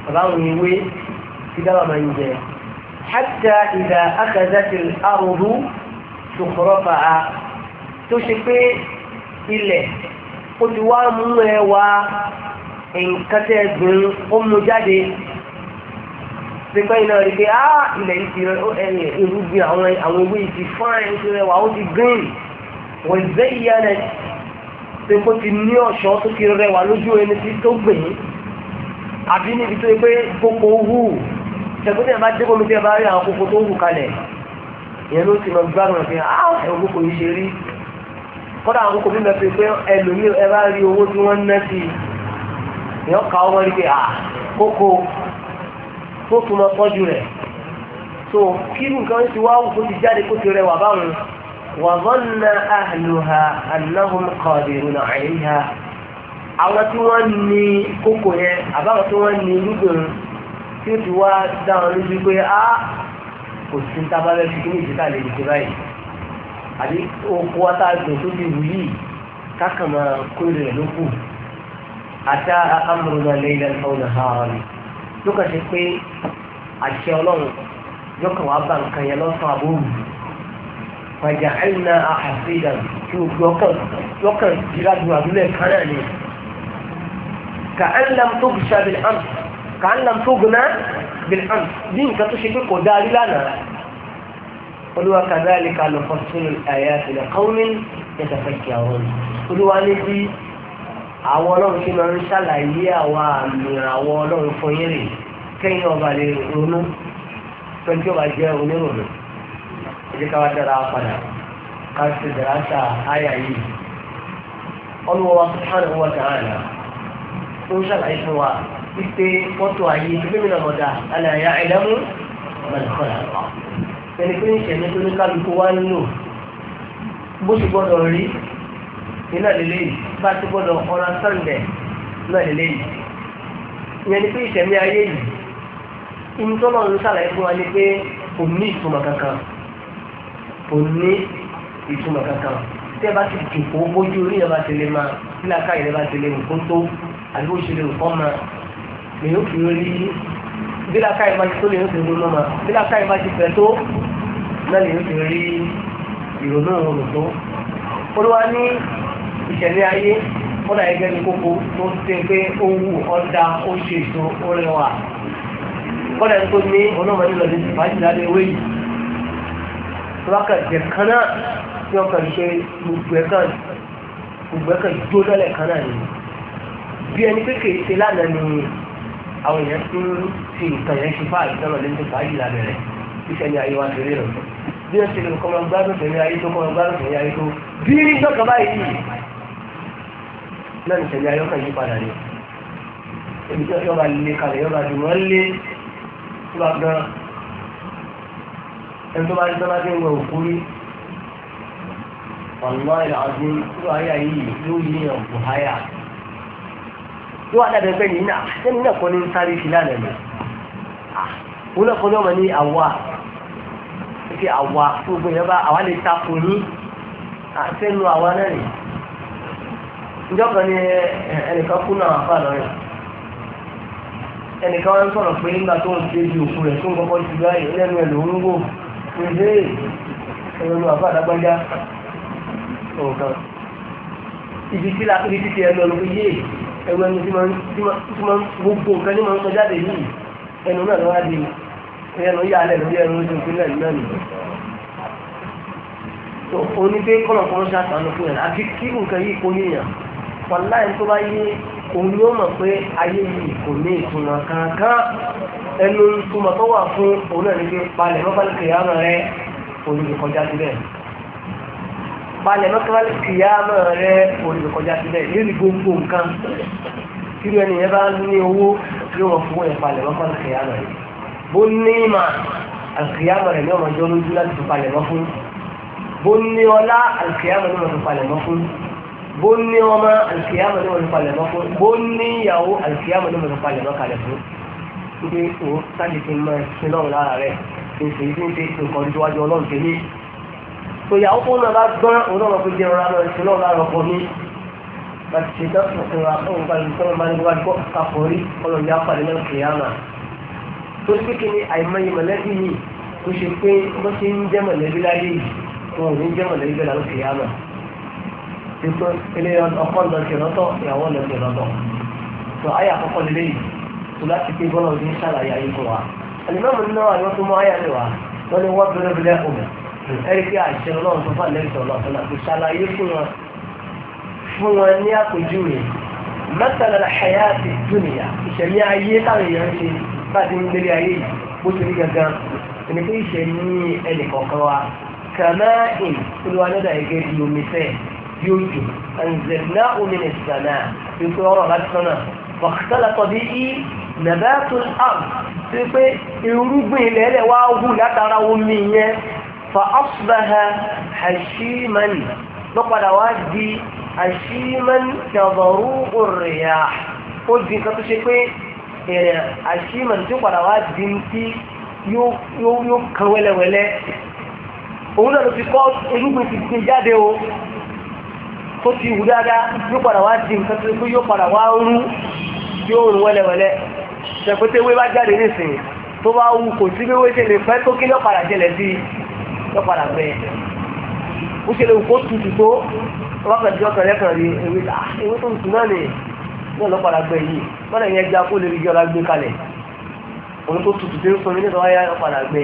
àbáwọn ewé ìfidábà máa ń jẹ. حتى إذا أخذت الأرض زخرفها tó ṣe pé ilẹ̀ olùwà mú ẹwà nǹkan tẹ́ gbìn ó mú jáde pípẹ́ iná rí pé á ah, ilẹ̀ yìí ti irúgbìn àwọn ewé yìí ti fáìn ti rẹwà ó ti green wọ́n ìgbẹ́ ìyá rẹ̀ pé kó ti ní ọ̀ṣọ́ tó ti rẹwà lójú ẹni tí tó gbìn àbí níbi tó yẹ pé kókó wù ṣẹ̀kú tí a bá dé kómi tí a bá rí àwọn kókó tó wù kalẹ̀ ìyẹn ló ti lọ gbádùn pé á ẹ̀ òkú kò ṣe rí kọ́dà àwọn kò mímẹ́ pé pé ẹlòmí ẹ bá rí owó tí wọ́n ná sí ìyàn ká ọmọ rí pé à kókó tó tún mọ tọ́jú rẹ̀ tó kí nǹkan ti wá kó ti jáde kó ti rẹwà báwọn wà zanna ahluha annahum qadiruna alayha àwọn tí wọ́n ní kókó yẹn àbáwọn tí wọ́n ní irúgbìn tí ó ti wá dáhùn lójú pé á kò sí tábàlẹ́ fi kí ní ìdíkà lè dìde báyìí àbí oko atágbè tó bí wù yìí kákàmà kórè rẹ̀ ló kù àtà amúrúnà lẹ́yìn ọ̀nà hàrá ni yóò kàn ṣe pé àṣẹ ọlọ́run yóò kàn wá bá nǹkan yẹn lọ́sàn àbóòrù pàjá àìnà àhàfíìdà tí o gbé ọkàn yọkàn jíra àdúlẹ̀ kan ni kà á ń lam tó gbèsè àbẹ̀lẹ̀ àmì kà á ń lam tó gbẹ̀nà bẹ̀lẹ̀ àmì bí nǹkan tó ṣe pé kò dáa rí lánàá olúwa kàdáàlìkà lọ fọ́sílù àyà ìlẹ̀ kọ́wọ́mìn ìtàfẹ́kì àwọn olúwa ní bí àwọn ọlọ́run ṣe máa ń ṣàlàyé àwọn àmì àwọn ọlọ́run fún yín rè kẹ́yìn ọba lè ronú pẹ̀lú ọba jẹ́ onírònú ẹ̀jẹ̀ ká wá dára padà ká dára ta àyà yìí olúwa wa subhanahu wa ta'ala ó ń ṣàlàyé fún wa wípé mọ́tò ayé ìgbẹ́mìnà mọ̀dà alẹ́ àyà ìlẹ́mú mọ̀lẹ́kọ̀ọ́ ẹni pé ìṣẹ̀mí tó ní kálukú wá ń lò bó ṣe gbọ́dọ̀ rí iná lélẹ́ yìí bá ti gbọ́dọ̀ ọ̀rá sànńdẹ̀ náà lélẹ́ yìí ìyẹn ni pé ìṣẹ̀mí ayé yìí ìmútọ́nà ń ṣàlàyé fún wa ni pé kò ní ìtumọ̀ kankan kò ní ìtumọ̀ kankan tí ẹ bá ti jòkó bójú orí ẹ ti lè máa nílá káyọ̀ ẹ ti lè nǹkan tó àbí bó ṣe lè nǹkan máa lè yóò fi rí bí láká ìmá ti tó lè yóò ti ronú ma bí láká ìmá ti fẹ́ tó náà lè yóò ti rí ìrònú òun tó olúwa ní ìṣẹ̀lẹ̀ ayé kódà ẹgbẹ́ ní kókó tó ṣe pé ó wù ọ̀dà ó ṣe èso ó rẹwà kódà tó ní ọlọ́mọdé lọ sí ìfàjìláde ewé yìí tó bá kàjẹ tí wọ́n kàn ṣe gbogbo ẹ̀ gbogbo ẹ̀ jó lọ́lẹ̀ kan ni bí ẹni pé àwọn èèyàn tó ń fi nǹkan yẹn ṣe fáàlì tọ́lọ̀ lé ní fàájì lábẹ́ rẹ̀ iṣẹ́ ní ayé wa ti rí rẹ̀ bí ó ṣe lè kọ́ ọmọ gbádùn tẹ̀lé ayé tó kọ́ ọmọ gbádùn tẹ̀lé ayé tó bí ní gbọ́kàn báyìí náà nìṣẹ̀lẹ̀ ayé ọkàn yí padà ni ebi tí ọjọ́ bá lè kalẹ̀ yọ bá dùn wọ́n lé tó bá gan ẹni tó bá ní sábà tí ń wọ òkú rí wàlúwà ìlànà tó ayé ayé yìí ló yí yóò adábẹ́ pé yìí náà sẹ́ni náà kọ́ ní sáré sí lánàá ni òun náà kọ́ ní ọmọ ní àwa pé àwa tó gbé yẹn bá àwa lè takò yín àtẹnu àwa náà rè ìjọ kan ní ẹnìkan kú náà àfa lọ rẹ ẹnìkan wọn sọ̀rọ̀ pé nígbà tó ń ṣe di òkú rẹ̀ tó ń kọ́kọ́ ti gbá lẹ́nu ẹ̀ lòún wò pèsè ẹ̀rọ àfa àdágbájá ọ̀gá ibi tí la ibi títí ẹ lọ lóye ẹ̀rọ ẹni tí máa ń gbogbo nǹkan ní máa ń sọ jáde yìí ẹnu náà lọ́wọ́ di ẹnu yà lẹ̀ lórí ẹnu ojú ìpínlẹ̀ náà nìyí. tó o ní pé kọ́nà ṣàtàánú fún yàrá àti kí nǹkan yìí kò yíyàn wàláì tó bá yé òun yóò mọ̀ pé ayé yìí kò ní ìtumọ̀ kankan ẹnu ìtumọ̀ tó wà fún òun náà ní pé palẹ̀ mọ́bálẹ̀ kìlá rẹ̀ òun ní kọjá síbẹ̀ balẹ̀ mọ́tàlálì kìyàmọ̀ rẹ olùkọjá síbẹ̀ lórí gbogbo nǹkan kí ló ẹni yẹn bá ní owó yóò wọ́n fún ẹ̀ balẹ̀ mọ́tàlálì kìyàmọ̀ rẹ bó ní ìmà àkìyàmọ̀ rẹ ní ọmọ ìjọ lójú láti tó balẹ̀ mọ́ fún bó ní ọlá àkìyàmọ̀ ní ọmọ tó balẹ̀ mọ́ fún bó ní ọmọ àkìyàmọ̀ ní ọmọ tó balẹ̀ mọ́ fún bó ní ìyàwó àkìyàmọ̀ ní ọmọ tó balẹ̀ mọ́ kalẹ̀ fún nítorí o sáàjì ti mọ ìsinmi náà lára rẹ̀ èsì ìdí ń ṣe nǹkan ìjọ ìyàwó fún náà bá gbọ́n òun náà fi jẹun lánàá ìṣẹ́ náà lára ọkọ mi bá ti ṣe tán fún wa fún ìgbà yìí sọ́nà bá ní wá gbọ́ àkọ́rí ọlọ́run yá pàdé náà kì í àmà tó ní kí ni àìmọye mọ̀lẹ́bí yìí tó ṣe pé wọ́n ti ń jẹ́ mọ̀lẹ́bí láyé yìí wọn ò ní jẹ́ mọ̀lẹ́bí bẹ́ẹ̀ lánàá kì í àmà ètò ilé ọkọ lọ sí lọ́tọ̀ ìyàwó lọ sí lọ́tọ̀ tó ayé àkọ́kọ́ lélẹ́ yìí ni ẹ̀rí pé àṣẹ ọlọ́run tó fà lẹ́yìn tó ọlọ́run tó náà kò ṣàlàyé fún wọn fún wọn ní àpèjúwe mẹ́tàlá àyà àti dúnìyà ìṣẹ̀mí ayé táwọn èèyàn ṣe bá ti ń gbélé ayé yìí bó ti rí gangan ẹni pé ìṣẹ̀mí ẹnì kọ̀ọ̀kan wa kàmáìn olùwàlẹ́dà ẹ̀gẹ́ di omi fẹ́ yóò jù àǹzẹ̀ná omi ní sànà wípé ọ̀rọ̀ láti sọ́nà bọ̀kítàlátọ̀ bí i nàbẹ́tò àrùn tí pé irúgbìn ilẹ̀ ẹ̀lẹ̀ wá wù látara omi yẹn fa asbaha hashiman ló padà wá di hashiman tẹ̀bọ̀rú òrìyà ó di nǹkan tó ṣe pé ẹ̀rẹ̀ hashiman tó padà wá di ti yóò kan wẹ́lẹ́wẹ́lẹ́ òun náà ló fi kọ́ irúgbìn ti gbé jáde o tó ti wù dáadáa yóò padà wá di nǹkan tó ṣe pé yóò padà wá rú yóò rú wẹ́lẹ́wẹ́lẹ́ ṣẹ̀pẹ́tẹ́wé bá jáde nísìnyí tó bá wù kò sí wíwé tẹ̀lé pẹ́ tó kí ló padà jẹlẹ̀ sí i yọ padà gbẹ ó ṣe lè kó tutù tó lọ́kàn tí ọkàn lẹ́kàn rí ewé ta ewé tó tutù náà ni ní ọlọ́padà gbẹ yìí mọ́nà yẹn já kó lè rí yọra gbé kalẹ̀ òun tó tutù tó ń sọ mí nígbà wáyà ọ̀padà gbẹ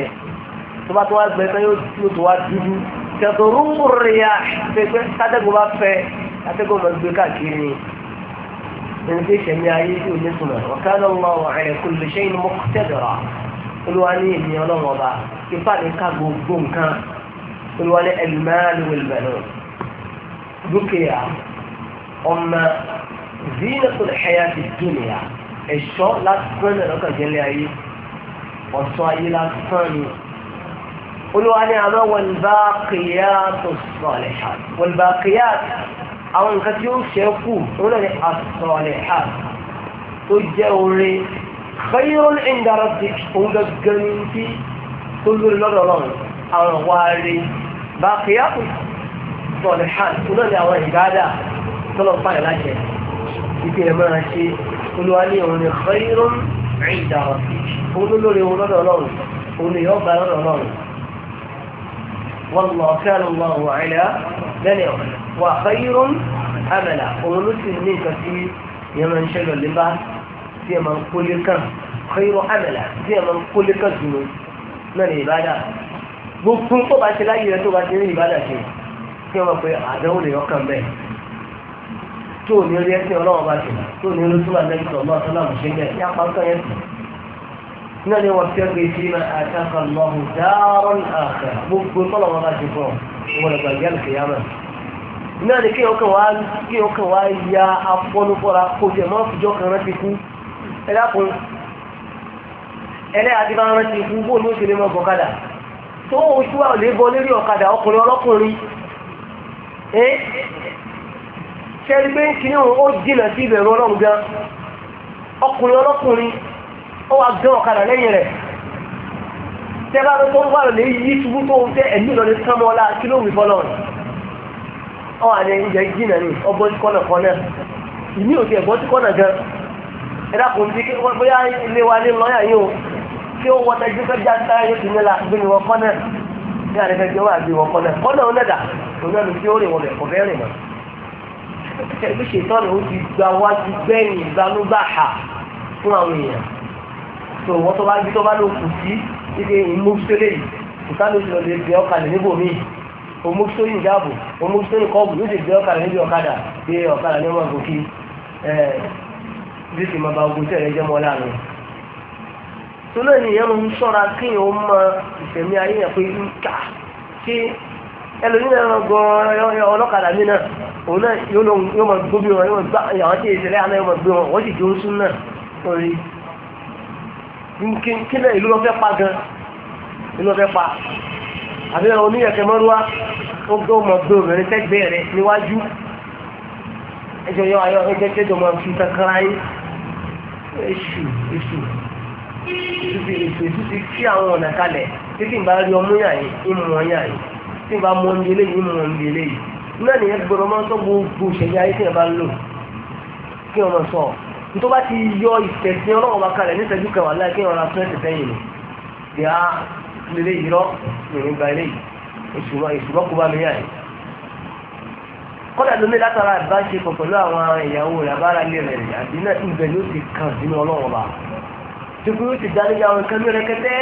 tó bá tó wá gbẹ tán yóò tó wá dúdú kẹtọ rúmùrìyà pẹpẹ kátẹgùn bá fẹ kátẹgùn bá gbé káàkiri ni ẹni tó ṣẹ̀mí ayé tí ò ní sùnà ọ̀kadà wọn olúwa ní èmi ọlọ́run ọba ìfà ní ká gbogbo nǹkan olúwa ní ẹlùmẹ́rán ló wẹ̀lú bẹ̀rẹ̀ dúkìá ọmọ zinatul hayati dunya ẹ̀ṣọ́ lásán náà lọ́kàn jẹ́lé ayé ọ̀ṣọ́ ayé lásán ni olúwa ní àmọ́ wal-bāqiyātus ṣāliḥāt wal-bāqiyāt àwọn nǹkan tí ó ṣẹ́kù olúwa ní as-ṣāliḥāt tó jẹ́ orin khayrun inda rabbik òun gangan tí tó lórí lọ́dọ̀ ọlọ́run àwọn wáárí bá kíyàpù sọ̀lẹ̀ hàn tó náà ní àwọn ìbádà tọ́lọ̀ fàyà láṣẹ ìpè ẹ̀mọ́ ra ṣe olúwa ní òun ni khayrun inda rabbik òun tó lórí òun lọ́dọ̀ ọlọ́run òun ni yọ̀ọ́ bá lọ́dọ̀ ọlọ́run والله كان الله على من وخير أملا ومنسل منك في يمن شغل لبعض tí ẹ máa ń kólé kàn khayru amala tí ẹ máa ń kólé kàn jùlọ náà ní ìbádà gbogbo tó bá ṣe láyé rẹ tó bá ṣe ní ìbádà ṣe kí wọ́n pe àdánwò lè yọkàn bẹ́ẹ̀ tó ní orí ẹsẹ̀ ọlọ́wọ́ bá ṣe tó ní orí túmọ̀ lẹ́yìn tó lọ́wọ́ sọ́nà àmọ̀ṣe bẹ́ẹ̀ yá pa kàn yẹn náà ni wọ́n fẹ́ pé sí máa àtàkà ni kí ọkàn wá ya afọ́nufọ́ra kó jẹ mọ́ fìjọ́ kan rántí kú ẹ̀dàkùn ẹlẹ́ àti bá rán ti ikú bóòlù mọ́ bọ̀kadà tó ń oṣù àwọn olè bọ́ lórí ọ̀kadà ọkùnrin ọlọ́kùnrin ẹ́ ṣẹ́rí pé kìíní òun ó jìnà sí ìbẹ̀rù ọlọ́run gan ọkùnrin ọlọ́kùnrin ó wá gán ọ̀kadà lẹ́yìn rẹ̀ tẹ́lá ló tó ń wà lórí yí ṣubú tó ń tẹ́ ẹ̀mí lọ́lẹ́ kí ló wù ẹ̀dá kò sí bóyá ilé wa ní lọ́yà yìí o kí ó wọ́n tẹ́jú fẹ́ jáde yóò ti nílá gbé ni wọ́n kọ́ náà ní àdẹ́fẹ́ tí ó wà gbé wọ́n kọ́ náà kọ́ náà ó nẹ̀dà kò náà ló fi ó rìn wọlé kò fẹ́ rìn mọ́. ẹbí ṣètọ́nù ó ti gba wá ti gbẹ̀yìn ìgbanúgbà hà fún àwọn èèyàn tó wọ́n tó bá gbé tó bá ló kù sí ike ìmúṣẹ́lẹ̀ yìí kùtà ti lọ bí kì í máa ba ogun tẹ̀lé jẹ́ mọ́ láàrin tó náà ni ìyẹn mo ń sọ́ra kí n ò mọ ìfẹ̀mí ayé yẹn pé ń kà kí ẹlòmíì náà gan ọlọ́kadà mi náà òun náà yóò máa gbóbi wọn yóò máa gbá àwọn tí ìṣẹ̀lẹ̀ àná yóò máa gbé wọn wọ́n sì jó ń sún náà orí kí náà ìlú lọ́fẹ́ pa gan ìlú lọ́fẹ́ pa àbí oníyẹ̀kẹ́ mọ́rúwá ó gbọ́ ọmọ gbé obìnrin tẹ́gbẹ́ rẹ̀ níwájú ẹjọ́ yọ ayọ́ ẹjẹ́ tẹ́jọ́ máa fi kankan ráyé èṣù èṣù èṣù ti èṣù èṣù ti kí àwọn ọ̀nà kalẹ̀ tí kì í bá rí ọmú yàn yín mú ọ yàn yín tí kì í bá mú ọmú yẹlé yín mú ọmú yẹlé yìí náà nìyẹn gbọdọ̀ máa ń sọ gbogbo ìṣẹ̀lẹ̀ ayé tí yẹn bá ń lò kí wọn máa sọ tó bá ti yọ ìtẹ̀sìn ọlọ́wọ́ bá kalẹ̀ nítorí kan wà láì kí wọn ra tún ẹ̀sẹ̀ sẹ́yìn ni ìyá lélẹ́yìí rọ́ ìrìngbà eléyìí kọ́lá lómi látara ìbáṣepọ̀ pẹ̀lú àwọn ìyàwó rẹ̀ abára lè rẹ̀ àbí náà ibẹ̀ ló ti kàn sínú ọlọ́run bá tukú yóò ti darí àwọn nǹkan lórí kẹtẹ́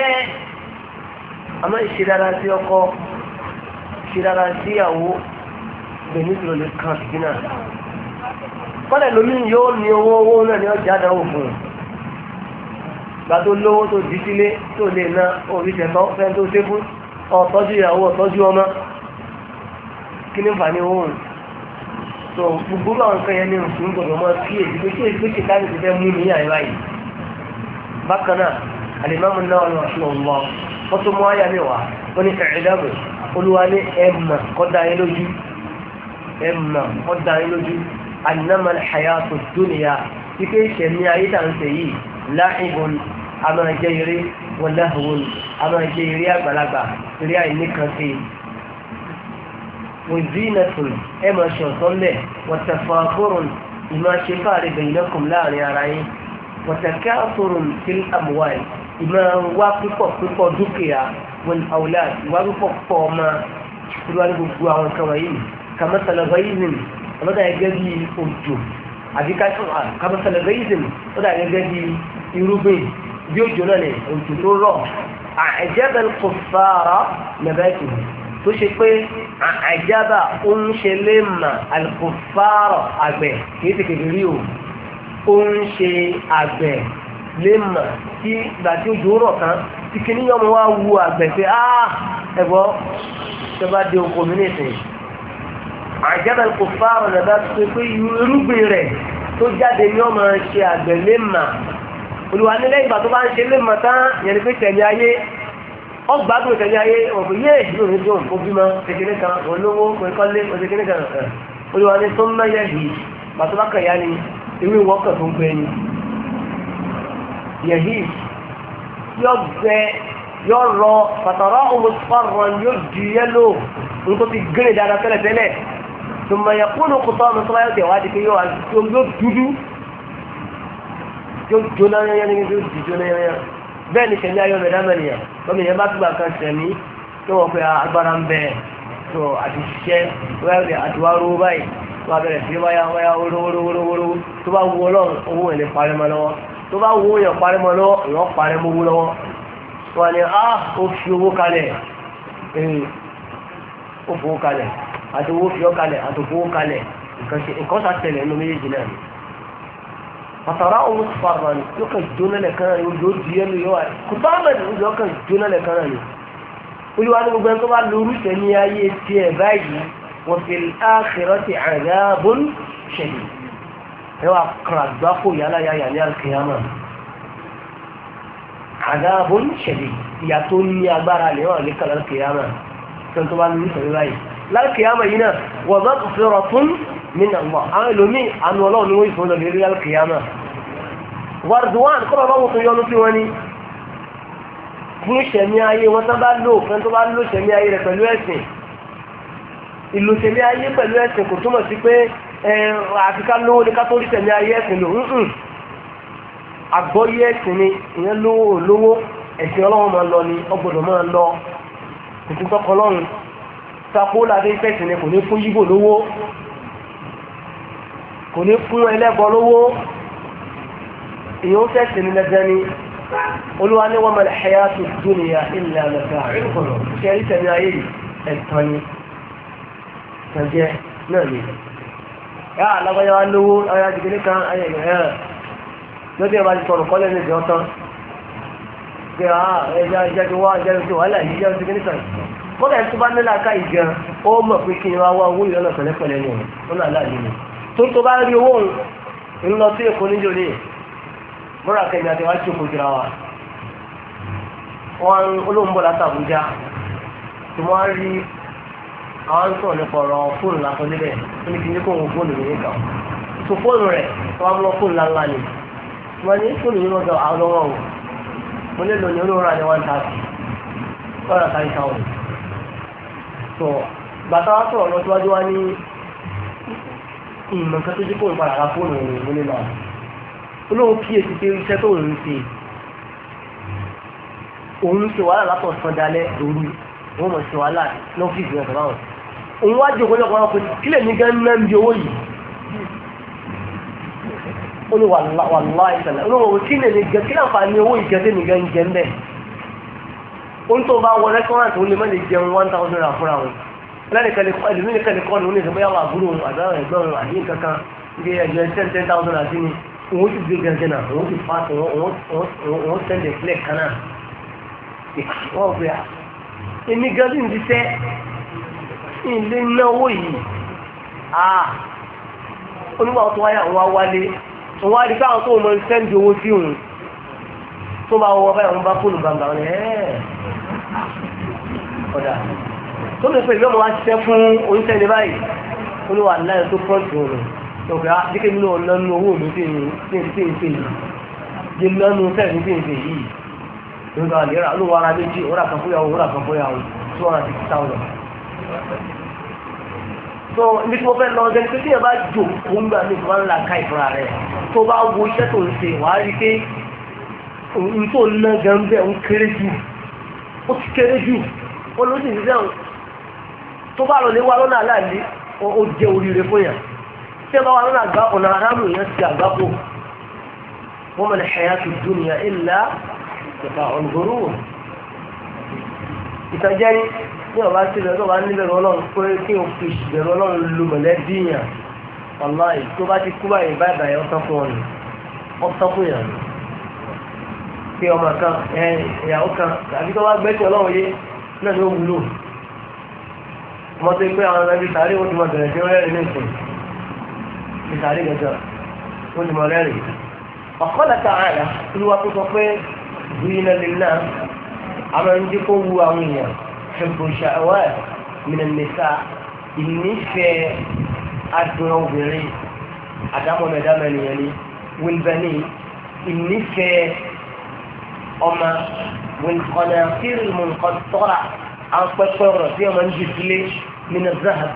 àmọ́ ìṣe dára sí ọkọ ìṣe dára sí ìyàwó ibẹ̀ ní ìṣòro lè kàn sínú kọ́lá lómi yóò ní owó owó náà ní ọjà àdáwò fún un gbàtó lówó tó di sílé tó lè na oríṣẹ̀tọ́ fẹ́ tó ṣe fún ọ̀tọ́jú ìyàwó ọ̀tọ́jú ọmọ kí ní fà ní ohun tó gbogbo àwọn nǹkan yẹn ní nǹkan gbọdọ̀ mọ́ kí èyí pé kí èyí pé kíkà ní ìfẹ́ mú mi àyè báyìí bákan náà alimami náà lọ sí ọ̀wọ́ wọ́n tó mú àyà mi wá wọ́n ní ẹ̀ẹ́dàbọ̀ olúwa ní ẹ̀mà kọ́dá yẹn lójú ẹ̀mà kọ́dá yẹn lójú ànàmà hayatu dunya ike ìṣẹ̀mí ayé tà ń sẹ̀ yìí láìbọn àmàjẹ́ eré wọ́n láhùn àmàjẹ́ eré àgbàlagbà eré àìníkànṣe وزينة إما شرطله وتفاخر إما شفار بينكم لا نعرين وتكاثر في الأموال إما وقفة قفة ذكية والأولاد وقفة قوما كلها نقول وكوين كمثل غيظ وماذا يجري أجو àbí ká tún àkàbọ̀sẹ̀lẹ̀ rẹ́ìsìmù ó dà gẹ́gẹ́ bí irúgbìn bí òjò náà ní òjò tó rọ̀ àìjẹ́bẹ̀lì kò fàárọ̀ lẹ́bẹ̀ẹ́kì tó ṣe pé àjábà ó ń ṣe lè mà alùpùpààrọ̀ àgbẹ̀ kìí ti kékeré o ó ń ṣe àgbẹ̀ lè mà tí ìgbà tí ó jòórọ̀ kan tí kìíní yọmọ wá wu àgbẹ̀ pé á ah, ẹ̀bọ́ tó bá di oko mi nìsín àjábà alùpùpààrọ̀ nàbà tó ṣe pé irúgbìn rẹ̀ tó jáde ní ọmọ ṣe àgbẹ̀ lè mà olùwà ìgbà tó bá ń ṣe lè mà tán yẹn ni pé tẹ̀lé ayé ọ gbádùn ìtẹ̀lé ayé ọ̀pọ̀ yé ìlú rẹ̀ jọ òbí ma kékeré kan olówó pẹ̀kọ́lé kékeré kan olúwa ní tó ń náyà yìí pàtó bá kàyà ni ewé wọ́kàn tó ń gbẹ ni yẹ̀hí yọ gbẹ yọ rọ pàtàrọ òmùsọ̀rọ̀ yóò di yẹ́lò nǹkan ti géré dáadáa tẹ́lẹ̀ tẹ́lẹ̀ tó ma yẹ kó ló kó tọ́ ọmọ tó bá yọ tẹ̀ wá di pé yóò dúdú yóò jóná yányá ni bẹ́ẹ̀ ni tẹ̀lé ayọ́ mẹ̀dámẹ́nìyàn lọ́mọ ìyẹn bá túbà kan sẹ̀mí tó wọ́n pé agbára ń bẹ tó àti ṣiṣẹ́ wẹ́rẹ̀ àti wá rówó báyìí tó bá bẹ̀rẹ̀ sí wáyà wáyà wórówórówóró tó bá wú ọlọ́run owó ẹ̀ lè parí mọ́ lọ́wọ́ tó bá wú yàn parí lọ́wọ́ èèyàn parí owó lọ́wọ́ wọn ni a ah, ó fi owó kalẹ̀ ó fowó kalẹ̀ àti owó fi ọ́ kalẹ̀ àti owó kalẹ̀ nǹkan ṣe nǹkan ṣàtẹ̀lẹ̀ nínú méjèèjì náà فتراه مصفرا يوكا جونا لكنا يوجد ديالو يوار كتابا يوكا جونا لكنا olùwàdí gbogbo ẹni tó bá lórí tẹ̀lé ayé tí ẹ báyìí wọ́n fi áàkìrọ́tì àdáàbòn ṣẹlẹ̀ ẹwà kàràgbákò yálà yáyà ní alkiyama àdáàbòn ṣẹlẹ̀ ìyà tó ní agbára lẹ́wà ní kàlá alkiyama tó bá lórí tẹ̀lé báyìí lálkiyama yìí náà wọ́n bá fẹ́rọ̀ fún nínú àmọ́ àwọn ẹlòmí àánú ọlọ́run ni wọ́n yìí fún lọ lérí alkiyama warduwan kọ́nà bá wọ́n tó yọnu sí wọn ni fún ìṣẹ̀mí ayé wọn tó bá lò fẹ́ tó bá lò ìṣẹ̀mí ayé rẹ̀ pẹ̀lú ẹ̀sìn ìlò ìṣẹ̀mí ayé pẹ̀lú ẹ̀sìn kò túmọ̀ sí pé àfikà lówó ni ká tó rí ìṣẹ̀mí ayé ẹ̀sìn lò ńǹ àgbọ́yé ẹ̀sìn ni ìyẹn lówó lówó ẹ̀sìn ọlọ́run máa lọ ni ọgbọ̀dọ̀ máa lọ kò tún tọkọ ọlọ́run sakó làdé ìfẹ́sìn ni kò ní fún yíbò lówó kò ní fún ẹlẹ́bọ lówó ìyóò tẹ̀sí ní lẹ́gbẹ́ ni olúwa ní wọ́n mẹ́lẹ̀ ẹ̀yà tó dúnìyà ilẹ̀ àmẹ́ta ìrìnkọ̀rọ̀ ṣe rí tẹ̀lé ayé ẹ̀tàn ni kọ́lẹ̀ tó bá nílà ká ìjẹun ó mọ̀ pé kí ni owó ìrọ̀lọ́ pẹ̀lẹ́pẹ̀lẹ́ ni ọ̀nà aláàlú ni tó tó bá rí owó ń lọ sí èkó níjó ní múra kẹmí àti wájú òkú jìra wa wọn olóńgbò láti Àbújá tí wọn rí àwọn ń sọ̀rọ̀ nípa ọ̀rọ̀ fóònù lásán níbẹ̀ tó ní kí ní kó òun fóònù yìí kàn tó fóònù rẹ̀ tó wọn mú fóònù lánlá ni wọn ní fóònù yìí lọ́dọ̀ àwọn ọmọ o mo lè lò ní olóńgbò ní one thirty one hundred thirty thousand so bàtà sọ̀rọ̀ lọ́síwájú wa ní ìmọ̀ nǹkan tó jẹ́ kó ń padà ra fóònù òun ìmú nínú àwọn olóhùn kí èsì pé iṣẹ́ tó ń ṣe òun ṣe wàhálà látọ̀ sàn dalẹ̀ lóru wọn mọ̀ ṣe wàhálà lọ́fíìsì rẹ̀ sọ̀rọ̀ òun wá jòkó lọ́kọ̀ wọn pé kí lè ní gan ná ń bi owó yìí ó ní wàhálà ìṣẹ̀lẹ̀ olóhùn kí lè ní gan kí láǹfààní owó yìí gẹ́gẹ́ nìkan jẹ́ ń bẹ̀ ń tó lẹ́nìkan ẹlòmínìkan nìkan ni wọ́n ní ìsọ̀bọ̀ yàwó àbúrò àdáwọ̀ ẹ̀gbọ́n àdí nǹkankan ibi ẹ̀jọ̀ ten ten thousand àti ni wọ́n ti gbé gẹ́gẹ́ náà wọ́n ti fa wọ́n tẹ̀lé sílẹ̀ kan náà wọ́n gbé a. èmi gẹ́gẹ́ ní sẹ́ ilé náwó yìí a onígbà tó wáyà wọn wálé wọn á di káwọn tó mọ sẹ́ndì tó mẹ́rin pé ìgbẹ́mọ̀ wá ṣiṣẹ́ fún oníṣẹ́ ilé báyìí ó ní wà láyé tó pọ̀ jù rẹ̀ ọ̀gá díkẹ́ nínú ọ̀nàmú owó mi tí ń ṣe yìí jẹ́ lọ́nu sẹ́ẹ̀mí tí ń ṣe yìí nígbà wà lérà ló wà ara méjì òwúrà kan fúyàwó òwúrà kan fúyàwó two hundred sixty thousand. so ibi tí mo fẹ́ lọ ọdẹni pé tí yẹn bá jò kó ń gbà mí tó bá ń la ká ìfura rẹ̀ tó bá wo iṣẹ́ tó ń ṣe wàá rí pé n tó ná gan bẹ́ẹ̀ ń kéré jù ó ti kéré jù ó ló sì ń sẹ́wọ̀n tó bá lọ lé wa lọ́nà aláìlé ó jẹ́ oríire fún yàn tí ẹ bá wa lọ́nà àgbá ọ̀nà aráàlú yẹn ti àgbá kò wọ́n mọ̀ ní ṣẹ̀yà tó dúnìyà ìlà ìta ọ̀nùgbòrò wò ìtajà yín ní ọba tí ìbẹ̀rù ọba níbẹ̀rù ọlọ́run pé kí o fi ìbẹ̀rù ọlọ́run lu mọ̀lẹ́bí yàn wàláì tó bá ti kú báyìí báyìí báyìí ọ̀tán fún ọ nù fún yàn nù ọmọ kan ìyàwó kan tàbí tó bá gbẹ́sẹ̀ ọlọ́run yé náà ni wúlò mọ́ tó pé àwọn ẹbí sàárè ó ti mọ bẹ̀rẹ̀ sí rẹ́rìn ní ìsìn ní sàárè gẹ̀gẹ̀ ó ti mọ rẹ́rìn. ọ̀kọ́lá ta'ala olúwa tó sọ pé zuyina lillah àwọn ẹni tí kò wu àwọn èèyàn hubbu shahawat minan nisa ìnífẹ̀ẹ́ adùn obìnrin àdámọ̀mẹ́dámẹ́ nìyẹn ni wilbani ìnífẹ̀ẹ́ ọmọ wilkọ́nà kírìmù nǹkan tọ́ra àwọn pẹ́pẹ́ ọ̀rọ̀ tí ọmọ ń jù sílé من الذهب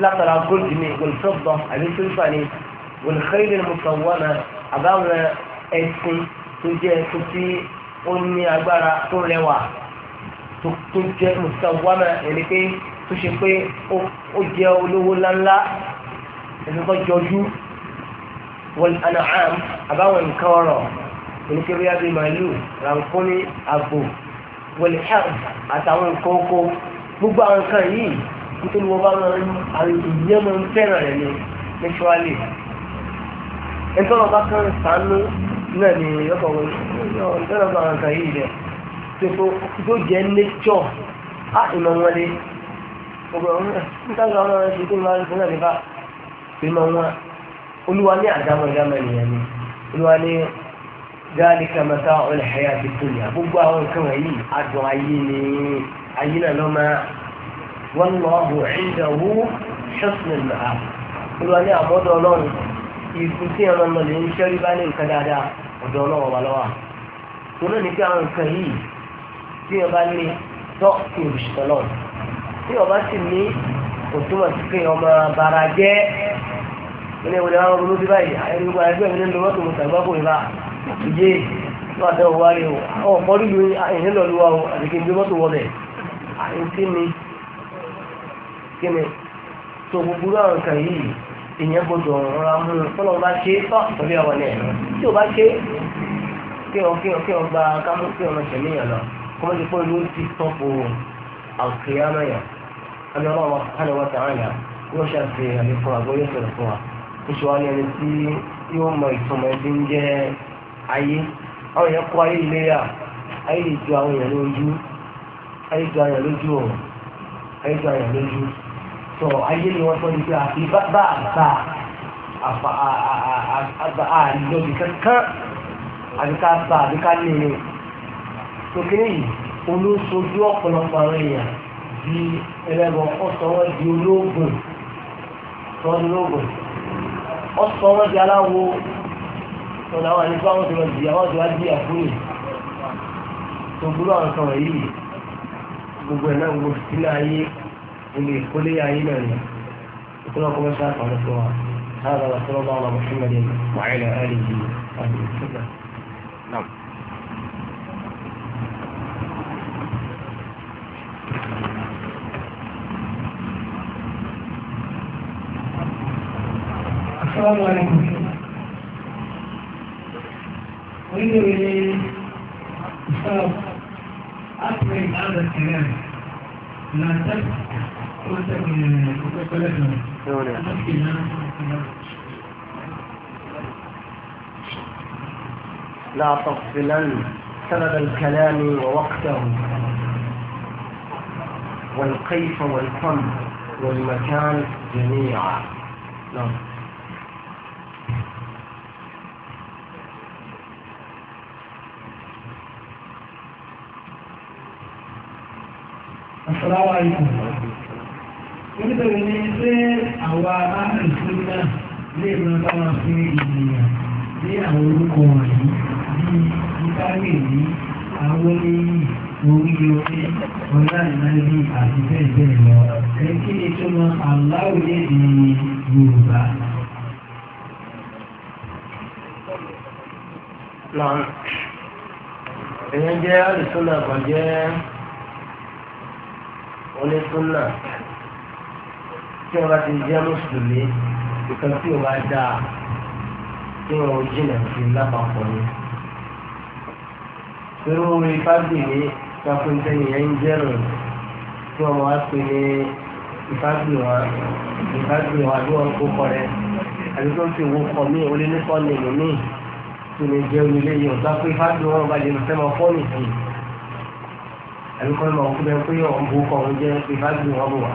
لقى الجولد والفضة أبي سلفاني والخيل المصومة أباونا ẹ̀sìn tó jẹ́ ẹ̀sìn tí ó ní agbára tó rẹwà tó jẹ́ mùsàwámà ẹni pé tó ṣe pé ó jẹ́ olówó ńláńlá ẹni tó jọjú wal an'am àbáwọn nǹkan ọ̀rọ̀ ẹni pé bí abẹ́ màálù rànkúnmí àgbò wal harth àtàwọn nǹkan oko gbogbo àwọn nǹkan yìí nítorí ni wọ́n bá máa ń àwọn fẹ́ràn rẹ̀ ní mẹ́ṣọ́álì ẹ̀ńtọ́nà bá kàn sánú náà ni ọkọ̀ wọn ìtọ́nà bá wọn kàn yìí rẹ̀ tó tó jẹ́ nẹ́tọ̀ á ìmọ̀ wọn lé ọgbọ̀n ọ̀hún náà nítorí àwọn ọmọ eh, rẹ̀ ṣe tó máa ń fún náà nípa ìmọ̀ ni olúwa ní ذلك متاع الحياة الدنيا gbogbo àwọn nǹkan wọ̀nyí adùn ayé ni ayé náà ló máa wọ́n lọ ọ̀hún ìdáwó ṣọ́sùnì màá olúwa ní àmọ́dọ̀ ọlọ́run ìfún tí ẹran lọ lè ń ṣẹ́rí bá ní nǹkan dáadáa ọ̀dọ̀ ọlọ́run wà lọ́wọ́ tó náà ní pé àwọn nǹkan yìí tí ẹ bá ní tọ́ kí o ṣe tọ́lọ̀ tí ọba sì ní òtúmọ̀ sí pé ọmọ bàrà jẹ́ ilé ìwé àwọn ọmọ olóbi báyìí ẹgbẹ́ mi ní lọ́wọ́ tó mo tàgbá kò ìbá kíni tó gbogbo àwọn nǹkan yìí ìyẹn gbọdọ̀ ọ̀rọ̀ amúnú tó lọ́wọ́ bá ṣe tọ́ pẹ̀lú àwọn ẹ̀ tí ò bá ṣe kí ọ kí ọ kí ọ gba kámú kí ọmọ ṣẹ̀mí yàn lọ kọ́ mọ́ ti pọ́ ìlú ti tọ́pù àkèyàmọ̀ yàn àmì ọlọ́wọ́ wa hàn wọ́n tàn án yà yóò ṣàṣe àmì fún àgọ́ yóò sọ̀rọ̀ fún wa oṣù wa ni ẹni tí yóò mọ ìtumọ̀ ẹbí ń jẹ́ ayé àwọn èèyàn kó ayé ilé ayé ìjọ àwọn èèyàn lójú ayé ìjọ àwọn lójú ọ̀rọ̀ ayé ìjọ àwọn lójú sọ ayé ni wọ́n sọ ní pé àfi bá àgbà àgbà àlọ́bì kankan àbíká sa àbíká nílé tòkìní yìí olóṣojú ọ̀pọ̀lọpọ̀ àwọn èèyàn di ẹlẹ́bọ ọ̀sọ̀ wọn di olóògùn sọ́ọ́dún lóògùn ọ̀sọ̀ wọn di aláwo ọ̀nà àwọn àníkú àwọn tó lọ jìyà wọ́n tó wá jìyà fún yìí tó gbúrò àwọn sọ̀rọ̀ yìí gbogbo ẹ̀ náà gbogbo إني ìkólé إيماني يقول لكم ìkólé ọkọ̀ mẹ́ta هذا وصلى الله على محمد وعلى آله وصحبه نعم السلام عليكم أريد إلي أستاذ أكمل هذا الكلام لا تفتح لا تفصلن سبب الكلام ووقته والكيف والفم والمكان جميعا نعم. السلام عليكم oníbẹ̀rẹ̀ ní pé àwa áàrùsúnlá lè máa bá wọn fi ìrìnà ní àwọn orúkọ wọ̀nyí bí ìkárí èyí àwọn èyí orí orí ọ̀la ìnáyí àti bẹ́ẹ̀ bẹ́ẹ̀ lọ ẹ kí ni tó mọ aláwọ̀ lédè Yorùbá. Èyàn jẹ́ àrùsúnlá kan jẹ́ tí wọ́n bá ti jẹ́ mùsùlùmí nǹkan tí wọ́n bá dáa tí wọ́n jìnà sí lápapọ̀ ni. pẹ̀lú orí fábìlì kápẹ́ńtẹ́ yẹn ń jẹ́rùn tí wọ́n wá pè ní ìfábìlì wọn ìfábìlì wọn àbí wọn kó kọ rẹ àbí tó ń fi wo kọ mí olé ní kọ́ nìlú mí tó lè jẹ́ onílé yìí ọ̀tá pé fábìlì wọn bá lè lọ fẹ́ mọ fọ́ọ̀nì sí i àbí kọ́ ló máa kú bẹ́ẹ̀ pé ọ̀hún bó kọ́ ọ̀hún jẹ́ ìfábìlì wọn bò wá.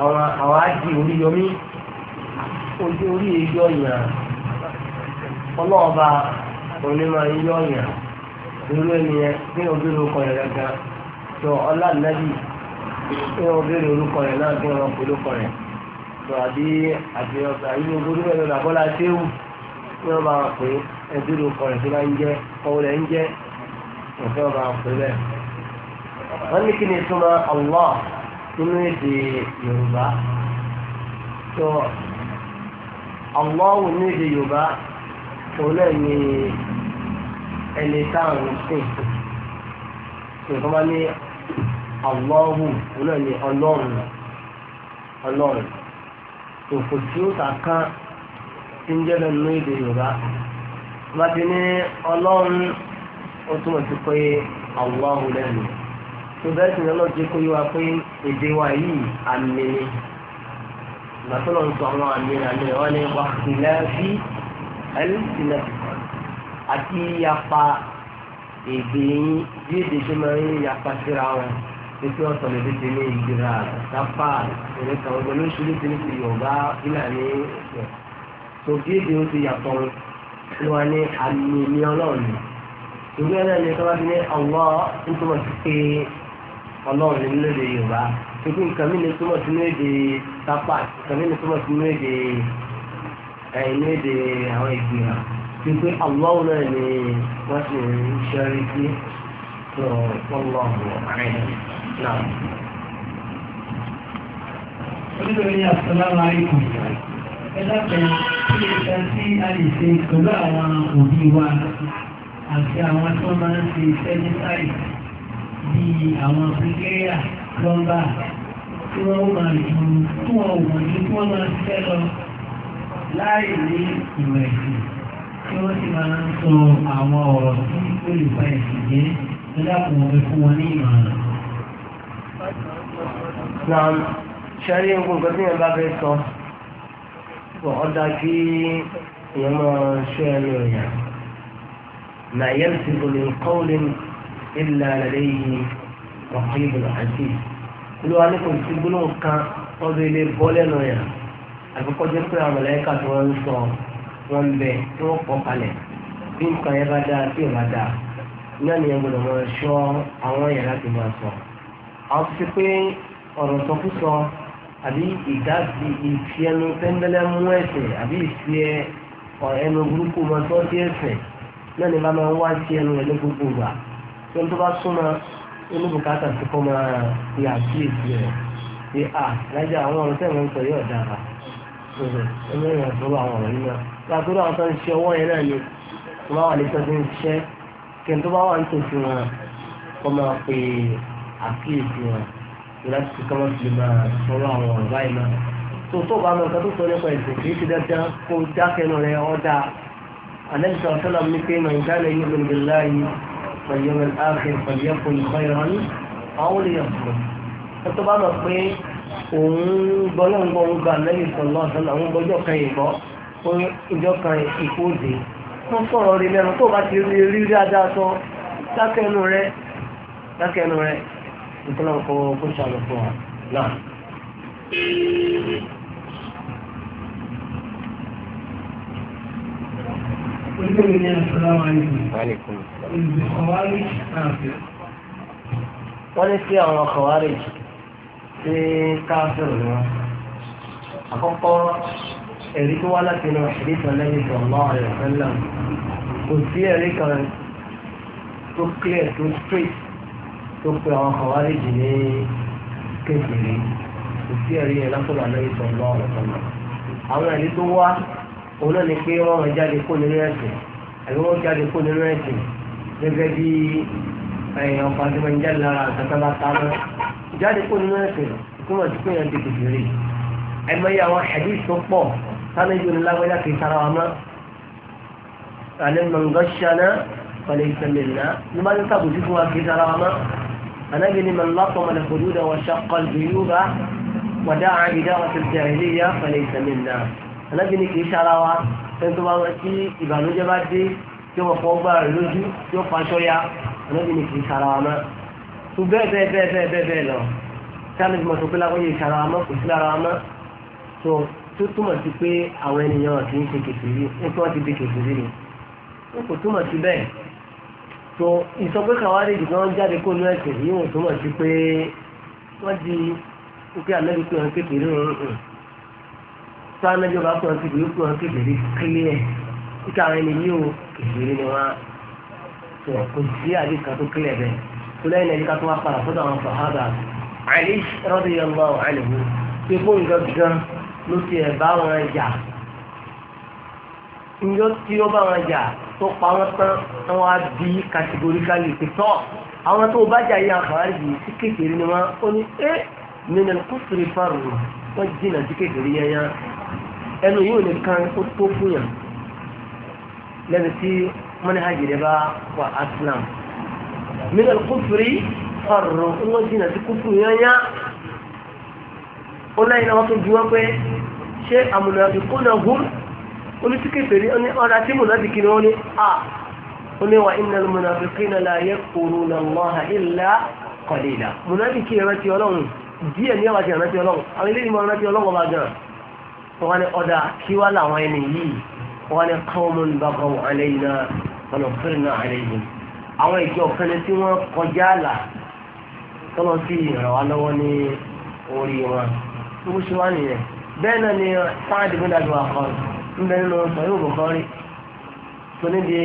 àwọn àwọn àjì orí yọmí ojú orí yọ yàn ọlọ́ọ̀ba onímọ̀ yọ yàn irú ènìyàn ní obìnrin orúkọ yẹn gẹ́gẹ́ tó ọlá nàbì ní obìnrin orúkọ yẹn náà bí wọn pẹ̀lú kọ yẹn tó àbí àbí ọgbà yìí ní ogójì mẹ́rin ọ̀dà bọ́lá séwù ní wọn bá wọn pè é ẹbí orúkọ yẹn tó bá ń jẹ ọwọ́lẹ̀ ń jẹ òfin ọba pè bẹ́ẹ̀. wọ́n ní kí ni ìtumọ̀ Allah nínú èdè yorùbá tó Allahu ní èdè yorùbá òun náà ní ẹni táwọn sìn nǹkan bá ní Allahu òun náà ní ọlọ́run ọlọ́run òfò tí ó ta kán tí ń jẹ́ nínú èdè yorùbá bá ti ní ọlọ́run ó túmọ̀ sí pé Allahu lẹ́nu tó bẹ́ẹ̀ sì náà lọ́jọ́ kó yé wa pé èdè wa yìí àmì ni ìgbà tó lọ́n sọ àwọn àmì rẹ̀ àmì rẹ̀ wọ́n ní wà sílẹ̀ sí ẹlẹ́sìnà àti yapa èdè yín bí èdè ṣe máa ń yapa síra wọn pípé ọ̀sán lè dìde ní ìgbéra sápá ìrìn kan ọgbọ́n ló ṣubú sí ní ti yorùbá fúlàní ẹ̀sẹ̀ tó bí èdè ó ti yàtọ̀ ní wọn ní àmì ní ìgbéra ní sábà ọlọ́run ní nínú èdè yorùbá ṣùgbọ́n nǹkan mí ní túmọ̀ sínú èdè tápà nǹkan mí ní túmọ̀ sínú èdè inú èdè àwọn ìgbìmọ̀ tí pé ọlọ́run náà ni wọ́n sì ń ṣẹ́rí sí tó ọlọ́run àárín náà. oníbẹ̀rẹ̀ ní asàlámù aláìkùm ẹ dábẹ́ kí lè ṣe tí a pẹ̀lú àwọn òbí wa àti àwọn tó máa ń ṣe iṣẹ́ ní sáìtì bíi àwọn brigadier plumber tí wọ́n máa ju tí wọ́n wọ̀ ní tí wọ́n máa fẹ́ lọ láì ní ìmọ̀ ẹ̀sìn tí wọ́n sì máa ń sọ àwọn ọ̀rọ̀ tí ó lè fa ẹ̀sìn jẹ́ lọ́dàkùn ọ̀gbẹ́ fún wọn ní ìmọ̀ràn. na ṣẹ́rí nǹkan tí yẹn bá fẹ́ sọ ọ̀dà kí èèyàn máa ṣọ́ ẹnu èèyàn nà yẹn ti bọ̀ lè kọ́ ilà lẹ́yìn ọ̀hìnbùn àti olúwa ní kò sí gbólóhùn kan ọdún ilé bọ́ lẹ́nu yà àkọ́kọ́ jẹ́ pé àwọn ẹ̀ka tí wọ́n ń sọ wọ́n ń bẹ tí wọ́n pọ̀ kalẹ̀ bí nǹkan yẹn bá dáa tí ò bá dáa náà nìyẹn gbọ́dọ̀ máa ṣọ́ àwọn yàrá láti máa sọ àwọn ti pé ọ̀rọ̀ sọkúsọ àbí ìdáàbí ìfi ẹnu pẹ́ńbẹ́lẹ́ mú ẹ̀sẹ̀ àbí ìfi ẹnu burúkú mọ́tọ́ sí ẹ̀sẹ̀ náà ni bá máa ń wá sí ẹnu rẹ̀ ní gbogbo ìgbà ẹni tó bá súnmọ́ oníbùkátà tó kọ́ máa fi àkíyèsí rẹ̀ pé à lájà àwọn ọ̀rọ̀ tẹ̀ wọ́n ń sọ yóò dára ẹni ìrìn àjò àwọn ọ̀rọ̀ yìí náà látọ̀dọ̀ àwọn tó ń ṣe ọwọ́ yẹn náà ni wọ́n wà ní tọ́jú ń ṣẹ́ kí n tó bá wà ń tòṣì wọn kọ́ máa pe àkíyèsí wọn láti kọ́ máa fi máa sọ̀rọ̀ àwọn ọ̀rọ̀ báyìí náà tó tó bá mọ̀ nǹkan tó sọ nípa ìsìn kì í ti dandan kó dákẹ́nu rẹ̀ ọ́ dáa àlẹ́ فاليوم الآخر فليقل خيرا أو ليصمت فطبعا pé òun gbọ́lọ́ngbọ́ òun gba lẹ́yìn sọ̀lọ́ ọ̀sán àwọn gbọ́jọ́ kan ìbọ́ fún ìjọ kan ìkóde wọ́n sọ̀rọ̀ rí lẹ́nu tó bá ti rí rí dáadáa tán dákẹ́nu rẹ dákẹ́nu rẹ nítorí ọkọ̀ kó ṣàlùfọ́ wa náà. Oníkèrè ní àṣàlámà àìkú. Wọ́n ní sí àwọn kọ̀wárì tí káàkiri wọn. Àkọ́kọ́ ẹ̀rí tó wá láti inú àṣìríta lẹ́yìn ìtọ̀lá àyọ̀fẹ́lá. Kò sí ẹ̀rí kan tó clear tó straight tó pe àwọn kọ̀wárì jì ní kékeré. Kò sí ẹ̀rí yẹn látọ̀lá lẹ́yìn ìtọ̀lá àyọ̀fẹ́lá. Àwọn ẹ̀rí òun náà ni pé wọ́n máa jáde kó nínú ẹ̀sìn àbí wọ́n jáde kó nínú ẹ̀sìn gẹ́gẹ́ bí ẹ̀yàn ọkọ̀ àti máa ń jáde lára àtàtà bá ta mọ́ jáde kó nínú ẹ̀sìn kí wọ́n ti pé yẹn ti tètè rè ẹ̀mọ́yé àwọn hadith tó pọ̀ sáméjì onílágbẹ́dá kì í sara wa mọ́ àlẹ́ mọ̀ngọ́ṣáná pẹ̀lú ìsẹ̀mìlá ní bá ní sàbòsí fún wa kì í sara wa mọ́ ànágbé ni mọ̀lápọ̀ mọ̀lẹ́kọ̀dúdà wọ̀ṣàkọ̀lù yóò bá wàdá àìdáwọ̀ tó tẹ̀lé yá pẹ̀lú ìsẹ̀mìlá ànábì ní kìí ṣara wa ẹni tó bá wọn tí ìbànújẹ́ bá dé tí wọn fọ gbà rẹ lójú tí wọn faṣọ ya ànábì ní kìí ṣara wa náà tó bẹ́ẹ̀ bẹ́ẹ̀ bẹ́ẹ̀ bẹ́ẹ̀ bẹ́ẹ̀ bẹ́ẹ̀ lọ tí ànábì mọ̀ tó pé láwọn yìí ṣara wa mọ́ kò sí lára wa mọ́ tó tó túmọ̀ sí pé àwọn ènìyàn kì í ṣe kèfèrí ní tí wọ́n ti di kèfèrí ni n kò túmọ̀ sí bẹ́ẹ̀ tó ìsọpé kàwárí ìdìbò wọn jáde kó nú ẹ̀sìn yìí wọn túmọ̀ sí pé wọ́n di pé ànábì pé wọn kékeré rẹ̀ sáánájú ọba tó ń kéde yóò tó ń kéde rí kílíẹ̀ kíkà àwọn ẹni yóò kéde ní wọn tó kò sí àdé kan tó kílẹ̀ bẹ́ẹ̀ tó lẹ́yìn náà nígbà tó wá padà fọ́dọ̀ àwọn sàhábà àìlè rọ́dí yọlọ́ àìlèwò pé fún nǹkan gan ló ti ẹ̀ bá wọn jà njọ́ tí ó bá wọn jà tó pa wọn tán wọn á bí kàtìgóríkàlì pé tọ́ àwọn tó bá jà yí àkàwárí yìí sí kékeré ni wọn ó ní ẹ́ nínú kùsùrù fáwọn wọn jìnnà sí kékeré yẹn yẹn ẹnu yóò lè kan ó tó fún yàn lẹ́nu tí mọ́nìhàjì rẹ̀ bá wà aslam mílíọ̀nù kúfùrí ọ̀rọ̀ wọ́n jìnnà sí kúfùrí yányá ó lẹ́yìn náà wọ́n tó ju wọ́n pé ṣé àmùnàbí kó náà hùr olùsíkèfè ní ọ̀dà tí mùnàbí kí ni wọ́n ní à ó ní wà iná mùnàbí kí ni láàyè kúrú nà lọ́hà ìlà kọ̀lìlà mùnàbí kí ni rántí ọlọ́run díẹ̀ ní àwọn àti ọlọ́run àwọn ilé ìmọ̀ rántí ọlọ́run ọba gan-an wọ́n ní ọ̀dà kí wá làwọn ẹni yìí wọ́n ní qawmun bagaw alayna fanafirna alayhim àwọn ìjọ kan tí wọ́n kọjá àlà tọ́lọ́ sí ìrànwá lọ́wọ́ ní orí wọn tó ṣe wá nìyẹn bẹ́ẹ̀ náà ni sáà dìbò dájú àkọ́ ńbẹ nínú sọ̀rọ̀ òbòkọ́rí tó níbi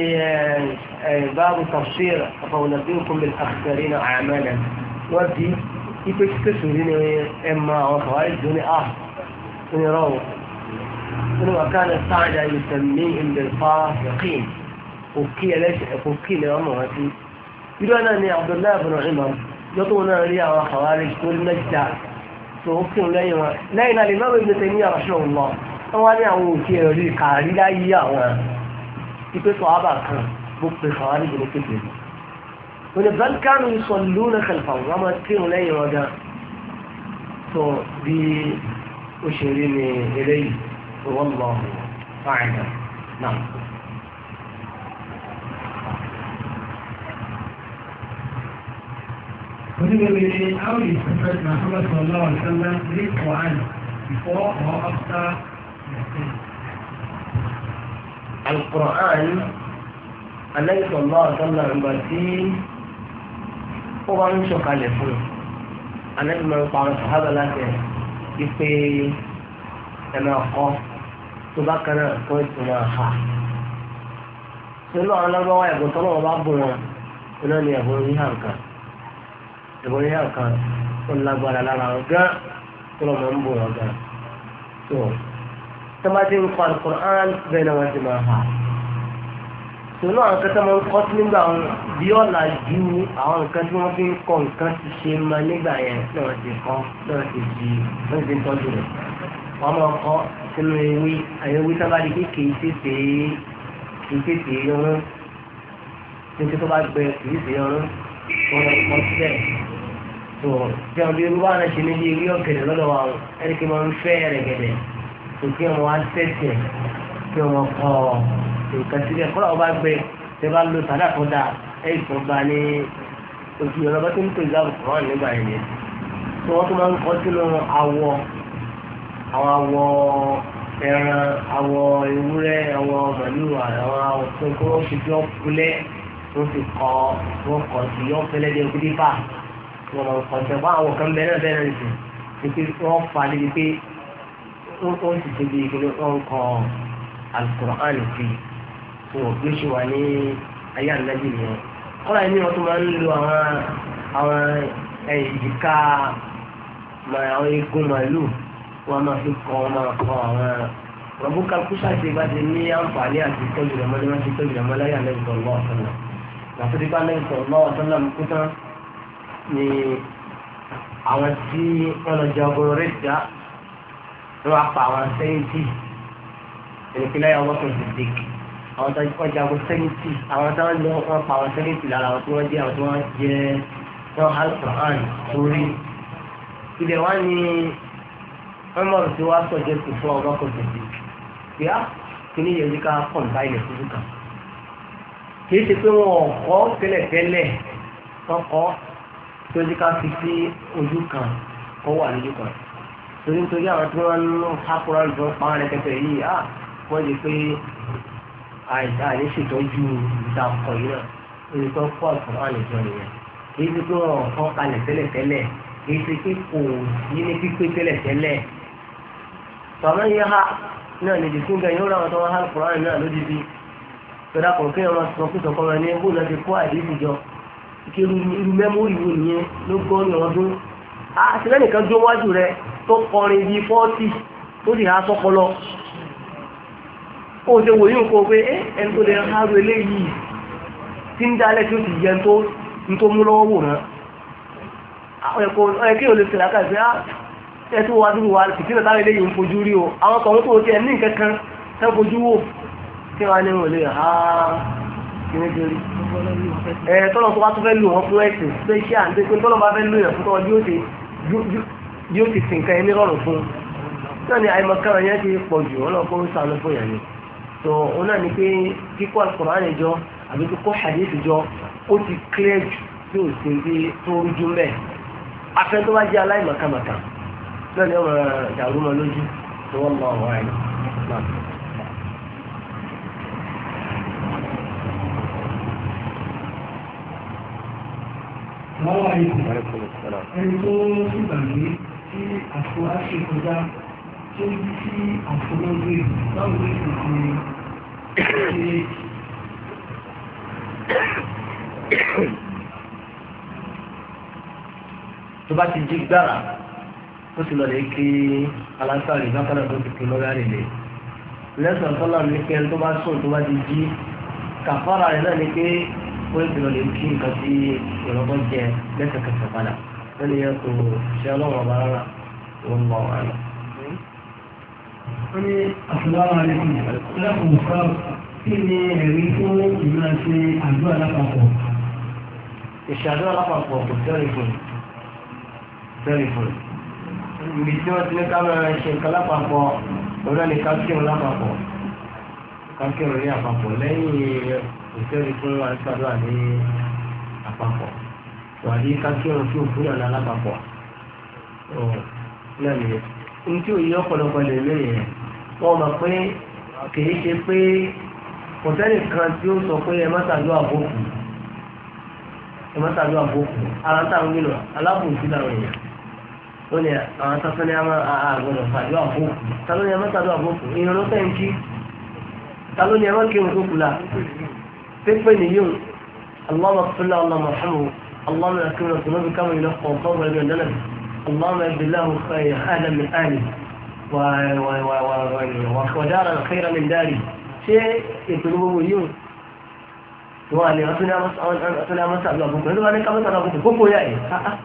báàbù tafsir afọwọ́nàbínkùn bil akhsarina a'mala wọ́n di ipe kíkẹ́sùn rí ni ẹ̀ máa àwọn kọ̀wáì dùn إنه وكان سعد يسميهم بالفاسقين فكي ليش فكي لأمهاتي يقول أنا عبد الله بن عمر يطونا لي على خوارج كل مجدع فأقسم لي لا إلى الإمام ابن تيمية رحمه الله wọ́n ní àwọn òfin ẹ̀rí kàrí láyé àwọn ìpẹ́sọ̀ àbà kan bó pe kàwárí jẹ́ kéde rí wọ́n ni balkanu sọ lónà kàlfà wọ́n máa kírun والله أعلم نعم Particularly, how is Prophet Muhammad sallallahu alaihi wasallam read Quran before or after Al-Quran, Ànábì sallallahu alaihi wasallam ìgbà tí ó bá ń sọ̀kalẹ̀ fún Ànábì máa ń pa àwọn sàhábà láti ẹ̀ ìpè ẹ̀mẹ̀ ọ̀kọ́ tó bá kan náà kó ètò máa fà. nínú àwọn lọ́gbọ́n wa ẹ̀bùn tọ́lọ́ wọn bá bù wọn iná ni ẹ̀bùn oníhà nǹkan ẹ̀bùn oníhà nǹkan ó lágbára lára wọn gán tọ́lọ́ wọn ń bù wọn gán. tó tó ń kọ́ Al-Qur'an bẹ́ẹ̀ náà wọ́n ti máa fà. nínú àwọn kẹta máa ń kọ́ sí nígbà wọn bí ọ̀la ju àwọn nǹkan tí wọ́n fi ń kọ́ nǹkan ti ṣe máa nígbà yẹn náà ti kọ́ náà ti di wọ́n ti tọ́jú rẹ̀ wọ́n máa kọ́ sínú ewé àyẹ̀wé tó bá di pé kì í tètè kì í tètè ọrún títí tó bá gbẹ kì í tètè ọrún wọn lọ pọ síbẹ̀ tó tí wọn bí irú bá náà ṣe níbi ewé ọ̀gẹ̀dẹ̀ lọ́dọ̀ wa wọn ẹni kí wọn fẹ́ ẹ̀rẹ̀gẹ̀dẹ̀ tó kí wọn wá tẹ̀sẹ̀ kí wọn kọ nǹkan síbẹ̀ kọ́lá wọn bá gbẹ tẹ bá lo sàdá tó dáa ẹ̀ ìtàn bá ní ojú ọlọ́bàtí ń tó wọn tó máa àwọn awọ ẹran awọ ewúrẹ́ awọ màlúù àwọn awọ tó kó wọ́n fi jọ kulẹ̀ wọ́n fi kọ́ wọ́n kọ́ sí yọ fẹ́lẹ́ dé ojú nípa wọ́n lọ kọ́ sí ẹ̀fọ́ àwọn kan bẹ́ẹ̀ bẹ́ẹ̀ rẹ̀ sùn pípé wọ́n fa níbi pé wọ́n ti ṣe bí ìpínlẹ̀ wọ́n kọ́ alukur'an fi fún òbí ṣe ní ayé ànábì nìyẹn kọ́lá yìí ni wọ́n tún máa ń lo àwọn àwọn ẹ̀yìnká àwọn egun màlúù wọn máa fi kọ́ wọn máa kọ́ àwọn rọ̀bùkà kúṣà tí bá ti ní àǹfààní àti ìtọ́jú rẹ̀ mọ́lẹ́ máa ti tọ́jú rẹ̀ mọ́lẹ́ yà lẹ́yìn sọ̀rọ̀ lọ́wọ́ sọ́nà làtúndì bá lẹ́yìn sọ̀rọ̀ lọ́wọ́ sọ́nà kú tán ni àwọn tí wọ́n lọ jẹ ọgbọ́n rẹ̀ já ni wọ́n pa àwọn sẹ́yìntì ìrìnkìlẹ̀ ọwọ́ tó ti dé àwọn tó wọ́n jẹ ọgbọ́n sẹ́yìntì àwọn tó wọ́n pa àwọn sẹ́yìntì lára àwọn tí wọ́n jẹ àwọn tí wọ́n jẹ wọ́n hàlùfọ̀ Umar ti wá sọ̀jẹ́ sí fún ọgbọ́n kan tòbí pé á ah, kí ní yẹn ká kàn bá ilẹ̀ tuntun kan kìí ṣe pé wọn ọ̀kọ́ tẹ́lẹ̀tẹ́lẹ̀ kọ́kọ́ tí ó ti ká fi sí ojú kan kọ́ wà lójú kan torí nítorí àwọn tí wọ́n ń hákúrá lù fún pàrọ̀ rẹpẹtẹ yìí á ah, wọ́n di pé àìsàn àìní ṣètọ́jú ìdàkọ̀ yìí náà èyí tó kọ́ àkùrọ̀ àlejò nìyẹn kìí ṣe pé wọn ọ̀kọ́ kalẹ̀ tẹ́lẹ̀tẹ́lẹ̀ kìí ṣe pé kò yí ní pípé tẹ́lẹ̀tẹ́lẹ̀ tàbí yẹn ha náà lè dìkú nǹkan yóò ráwọn tó wọn há kùránì náà lódìdí tọ́lá kò kí wọn sọ fún sọkọ wọn ní bó lọ kó àdéhùn jọ irú nìyẹn ló ní ọdún wájú rẹ tó kọrin bíi fọ́ọ̀tì tó sì há ṣe wòye nǹkan pé ẹni tó lè eléyìí tí ń tí ó yẹ tó ń tó mú lọ́wọ́ wò ẹtú wa dúró wa fìtínà táwọn eléyìí ń fojú rí o àwọn kan wípé o ti ẹ̀ ní nǹkan kan tán fojú wò kí wọ́n á ní ìrọ̀lẹ́ ha kìíní torí ẹ tọ́lọ̀ tó bá tó fẹ́ lò wọ́n fún ẹ̀sìn pé iṣẹ́ à ń dé pé tọ́lọ̀ bá fẹ́ lò ni àìmọ̀kàrà yẹn ti pọ̀ ni tó o náà ni pé kíkọ́ Al-Kùránì jọ àbí kíkọ́ hadith jọ ó ti clear jù tí ò náà ni ọmọ ìdàrúmọ lójú tí wọ́n mọ ọ̀rọ̀ ẹ̀ náà. Láwọn àìsàn, ẹni tó ṣùgbàgbé tí àṣọ àṣe kọjá tó ń bí sí àṣọ lọ́gbé báwo ló ṣe ṣe ṣe. Tó bá ti jí gbára ó ti lọ́lẹ̀ kí alásàrì bákanáà tó ti kí lọ́gá rẹ̀ lẹ̀ lẹ́sàn sọ́lá ní pé tó bá sùn tó bá ti jí kàfàrà rẹ̀ náà ni pé ó ti lọ́lẹ̀ kí nǹkan tí ìrọ́bọ́ jẹ lẹ́sẹ̀kẹsẹ̀ padà lẹ́nu yẹn kò ṣe ọlọ́run ọba rárá òun lọ wà lọ. wọ́n ní àfúláwà rẹ̀ kù lẹ́kùn ẹ̀rí fún ìmọ̀ ṣe àdúrà lápapọ̀ ìṣàdúrà ibi tí wọ́n ti ní kámẹ́rà ṣe nǹkan lápapọ̀ ọ̀rẹ́ ni kákíọ̀n lápapọ̀ kákíọ̀n ní àpapọ̀ lẹ́yìn ìṣẹ́rí fún àríkàdúrà ní àpapọ̀ tòwádìí kákíọ̀n tí òkú yàn náà lápapọ̀ náà nìyẹn ní tí òye ọ̀pọ̀lọpọ̀ lè lé yẹn wọ́n mọ̀ pé kìí ṣe pé kò sẹ́nì kan tí ó sọ pé ẹ má ṣàdúrà àbókù ẹ má ṣàdúrà àbókù ara táwọn nínú alábòsí làwọn èèyàn wọ́n ní àwọn sọ́sọ́ ní àwọn àgbọ̀dọ̀ fàdúrà bóòkù ta ló ní ẹmọ́ tàdúrà bóòkù ìrìn ló tẹ́ ń kí ta ló ní ẹmọ́ kí òun tó kula pépé nìyí اللهم اغفر له اللهم ارحمه اللهم اكرمه بذنوب كما wọ́n ní ọtún ní àwọn ọtún ní àwọn sábà bùkún ẹni wọ́n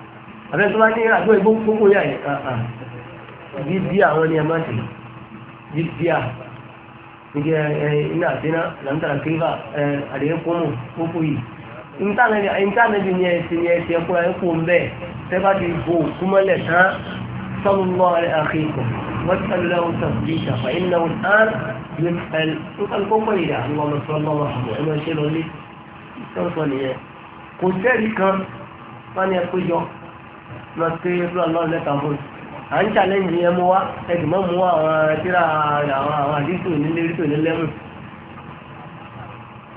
àbẹ́ tó bá ní àjọ ìgbó gbogbo yà ní àhàn bíbí àwọn ni ẹ má dé bíbí à nígbẹ ẹ iná àtiná làǹtàrà kírífà ẹ àdéhùn kọ́mù gbogbo yìí ìntánẹ́bì ni ẹ̀sìn ni ẹ̀sìn ẹ̀kúra ẹ̀kú ń bẹ́ẹ̀ tẹ́bá ti bò kúmọ́lẹ̀ tán sọ́lọ́ àkíkọ̀ wọ́tàlọ́wọ́ tàbíkà fàínàwó tán yóò ìdá àwọn ọmọsọ́lọ́wọ́ àwọn lọ sí lọ́ọ̀lọ́ọ̀ lẹ́ta bọ́ọ̀lù à ń challenge yẹn mú wá ẹ̀dùn mọ́ mú àwọn tíra àwọn àwọn àdísù nílé rítò nílé mú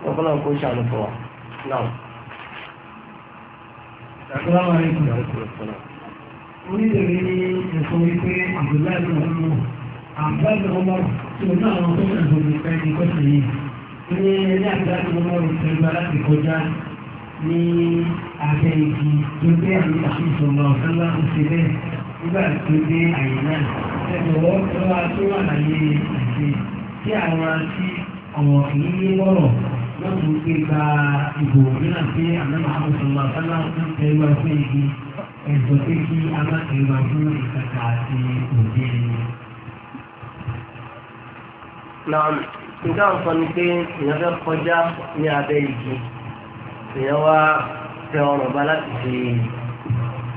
ọ̀pọ̀lọ̀ kó ṣàánú fún wa náà. onídèrè ní ẹ̀fọ́ wípé àbúláì náà mú àbúláì náà mọ́ tí o náà wọn tó ṣàgbọ̀n nípa ẹni kọ́sì yìí ní ẹni àbúláì náà mọ́ ìṣẹ́gbà láti kọjá ní abẹ́ igi tó dé àyè àfihàn ọ̀sánlá oṣù bẹ́ẹ̀ nígbà tó dé àyè náà ẹ̀dọ̀wọ́ tó wá tó wà láyé ìgbé tí àwọn tí ọ̀wọ̀ kìí ní wọ́rọ̀ wọ́n tún gbé gba ìbò nígbà tí àmọ́nà àfihàn ọ̀sánlá ń tẹ́wọ́ fún igi ẹ̀dọ̀ pé kí a má fún ìkàkà àti òde Nàà, nǹkan àǹfààní pé ìyàfẹ́ kọjá ní abẹ́ igi èèyàn wá tẹ ọrùn bá láti fi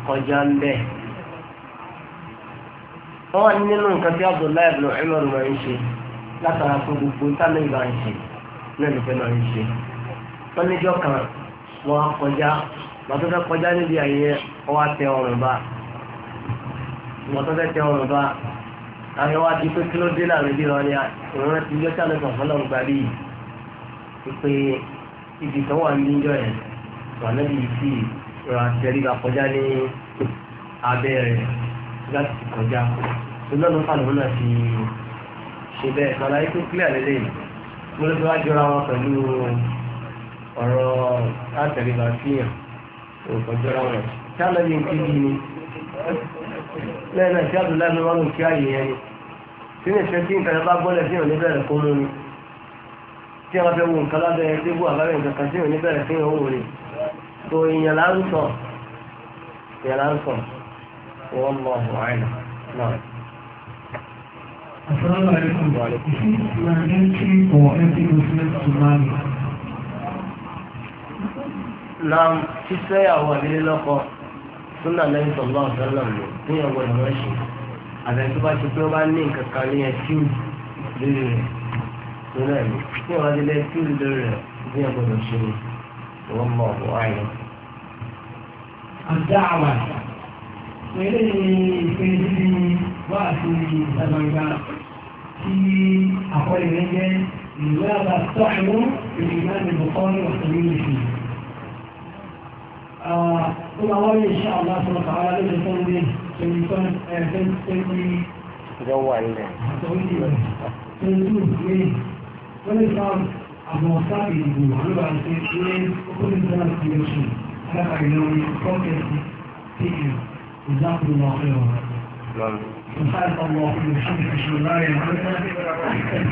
kọjá ń bẹ̀. wọ́n wà nínú nǹkan tí Abdullahi ibn Umar máa ń ṣe látara fún gbogbo tánà ìbá ń ṣe náà nìkan náà ń ṣe. wọ́n níjọ́ kan wọ́n á kọjá wọ́n tó fẹ́ kọjá níbi àyè ọwọ́ tẹ ọrùn bá wọ́n tó fẹ́ tẹ ọrùn bá àwọn wa di pé kí ló dé láàrin bí wọn ni àwọn ti yọ sálẹ̀ sọ̀fọ́lọ́ ibi kan wà níjọ yẹn wàhálà yìí sì rà jẹríba kọjá ní abẹ́ rẹ̀ láti ti kọjá lọ́nà ló fà lọ́nà ti ṣe bẹ́ẹ̀ kan láyé tó kílẹ̀ lélẹ̀ yìí mo ló fi wá jọra wọn pẹ̀lú ọ̀rọ̀ látẹ̀ríba síyàn òkò jọra wọn tí a lọ yìí ti di ni lẹ́yìn náà tí a lọ lẹ́nu wọn kí á yẹn ni tí ìfẹ́ tí nǹkan bá gbọ́lẹ̀ síyàn níbẹ̀rẹ̀ kó lóni tí a bá fẹ́ wo nǹkan lábẹ́rẹ́ tí bú àbábẹ́ nǹkan kan tí ò ní bẹ̀rẹ̀ fún ìhòòhò rẹ̀ tó ìyàn là ń sọ ìyàn là ń sọ wọ́n mọ ọ̀hún àìlà náà. Assalamu alaikum. Is it mandatory for every Muslim to marry? Nam ṣíṣẹ́ àwọn ìdílé lọ́kọ súnà lẹ́yìn sọ̀lá ọ̀sánlá mi ní ọgbọ̀n ìmọ̀ ṣe. Àbẹ̀ bá ṣe pé ó bá ní nǹkan kan ní ẹ̀kú lórí rẹ̀ tó náà wọ́n ti lẹ́ tí ó lè rẹ̀ bí wọ́n gbọ́dọ̀ ṣe ni wọ́n mọ̀ ọ́ àyè. àdáwà pẹ̀lú ìpele wà sí ìtàgbàgbà tí àkọlé rẹ̀ jẹ́ ìwé àbá tọ́ṣù ìrìnà ìbùkọ́ ní ọ̀sẹ̀ yìí nìyí. ó máa wáyé àwọn aṣọ àwọn alẹ́ tó ń gbé twenty twenty. Eh, ìjọ wà nílẹ̀. twenty two may wọ́n lè fa àwọn ọ̀sá ìdìbò àlọ́bà ṣe ní oppositional situation lára ìlọrin protest taken example wọn fẹ́ wọn. Sọ́sá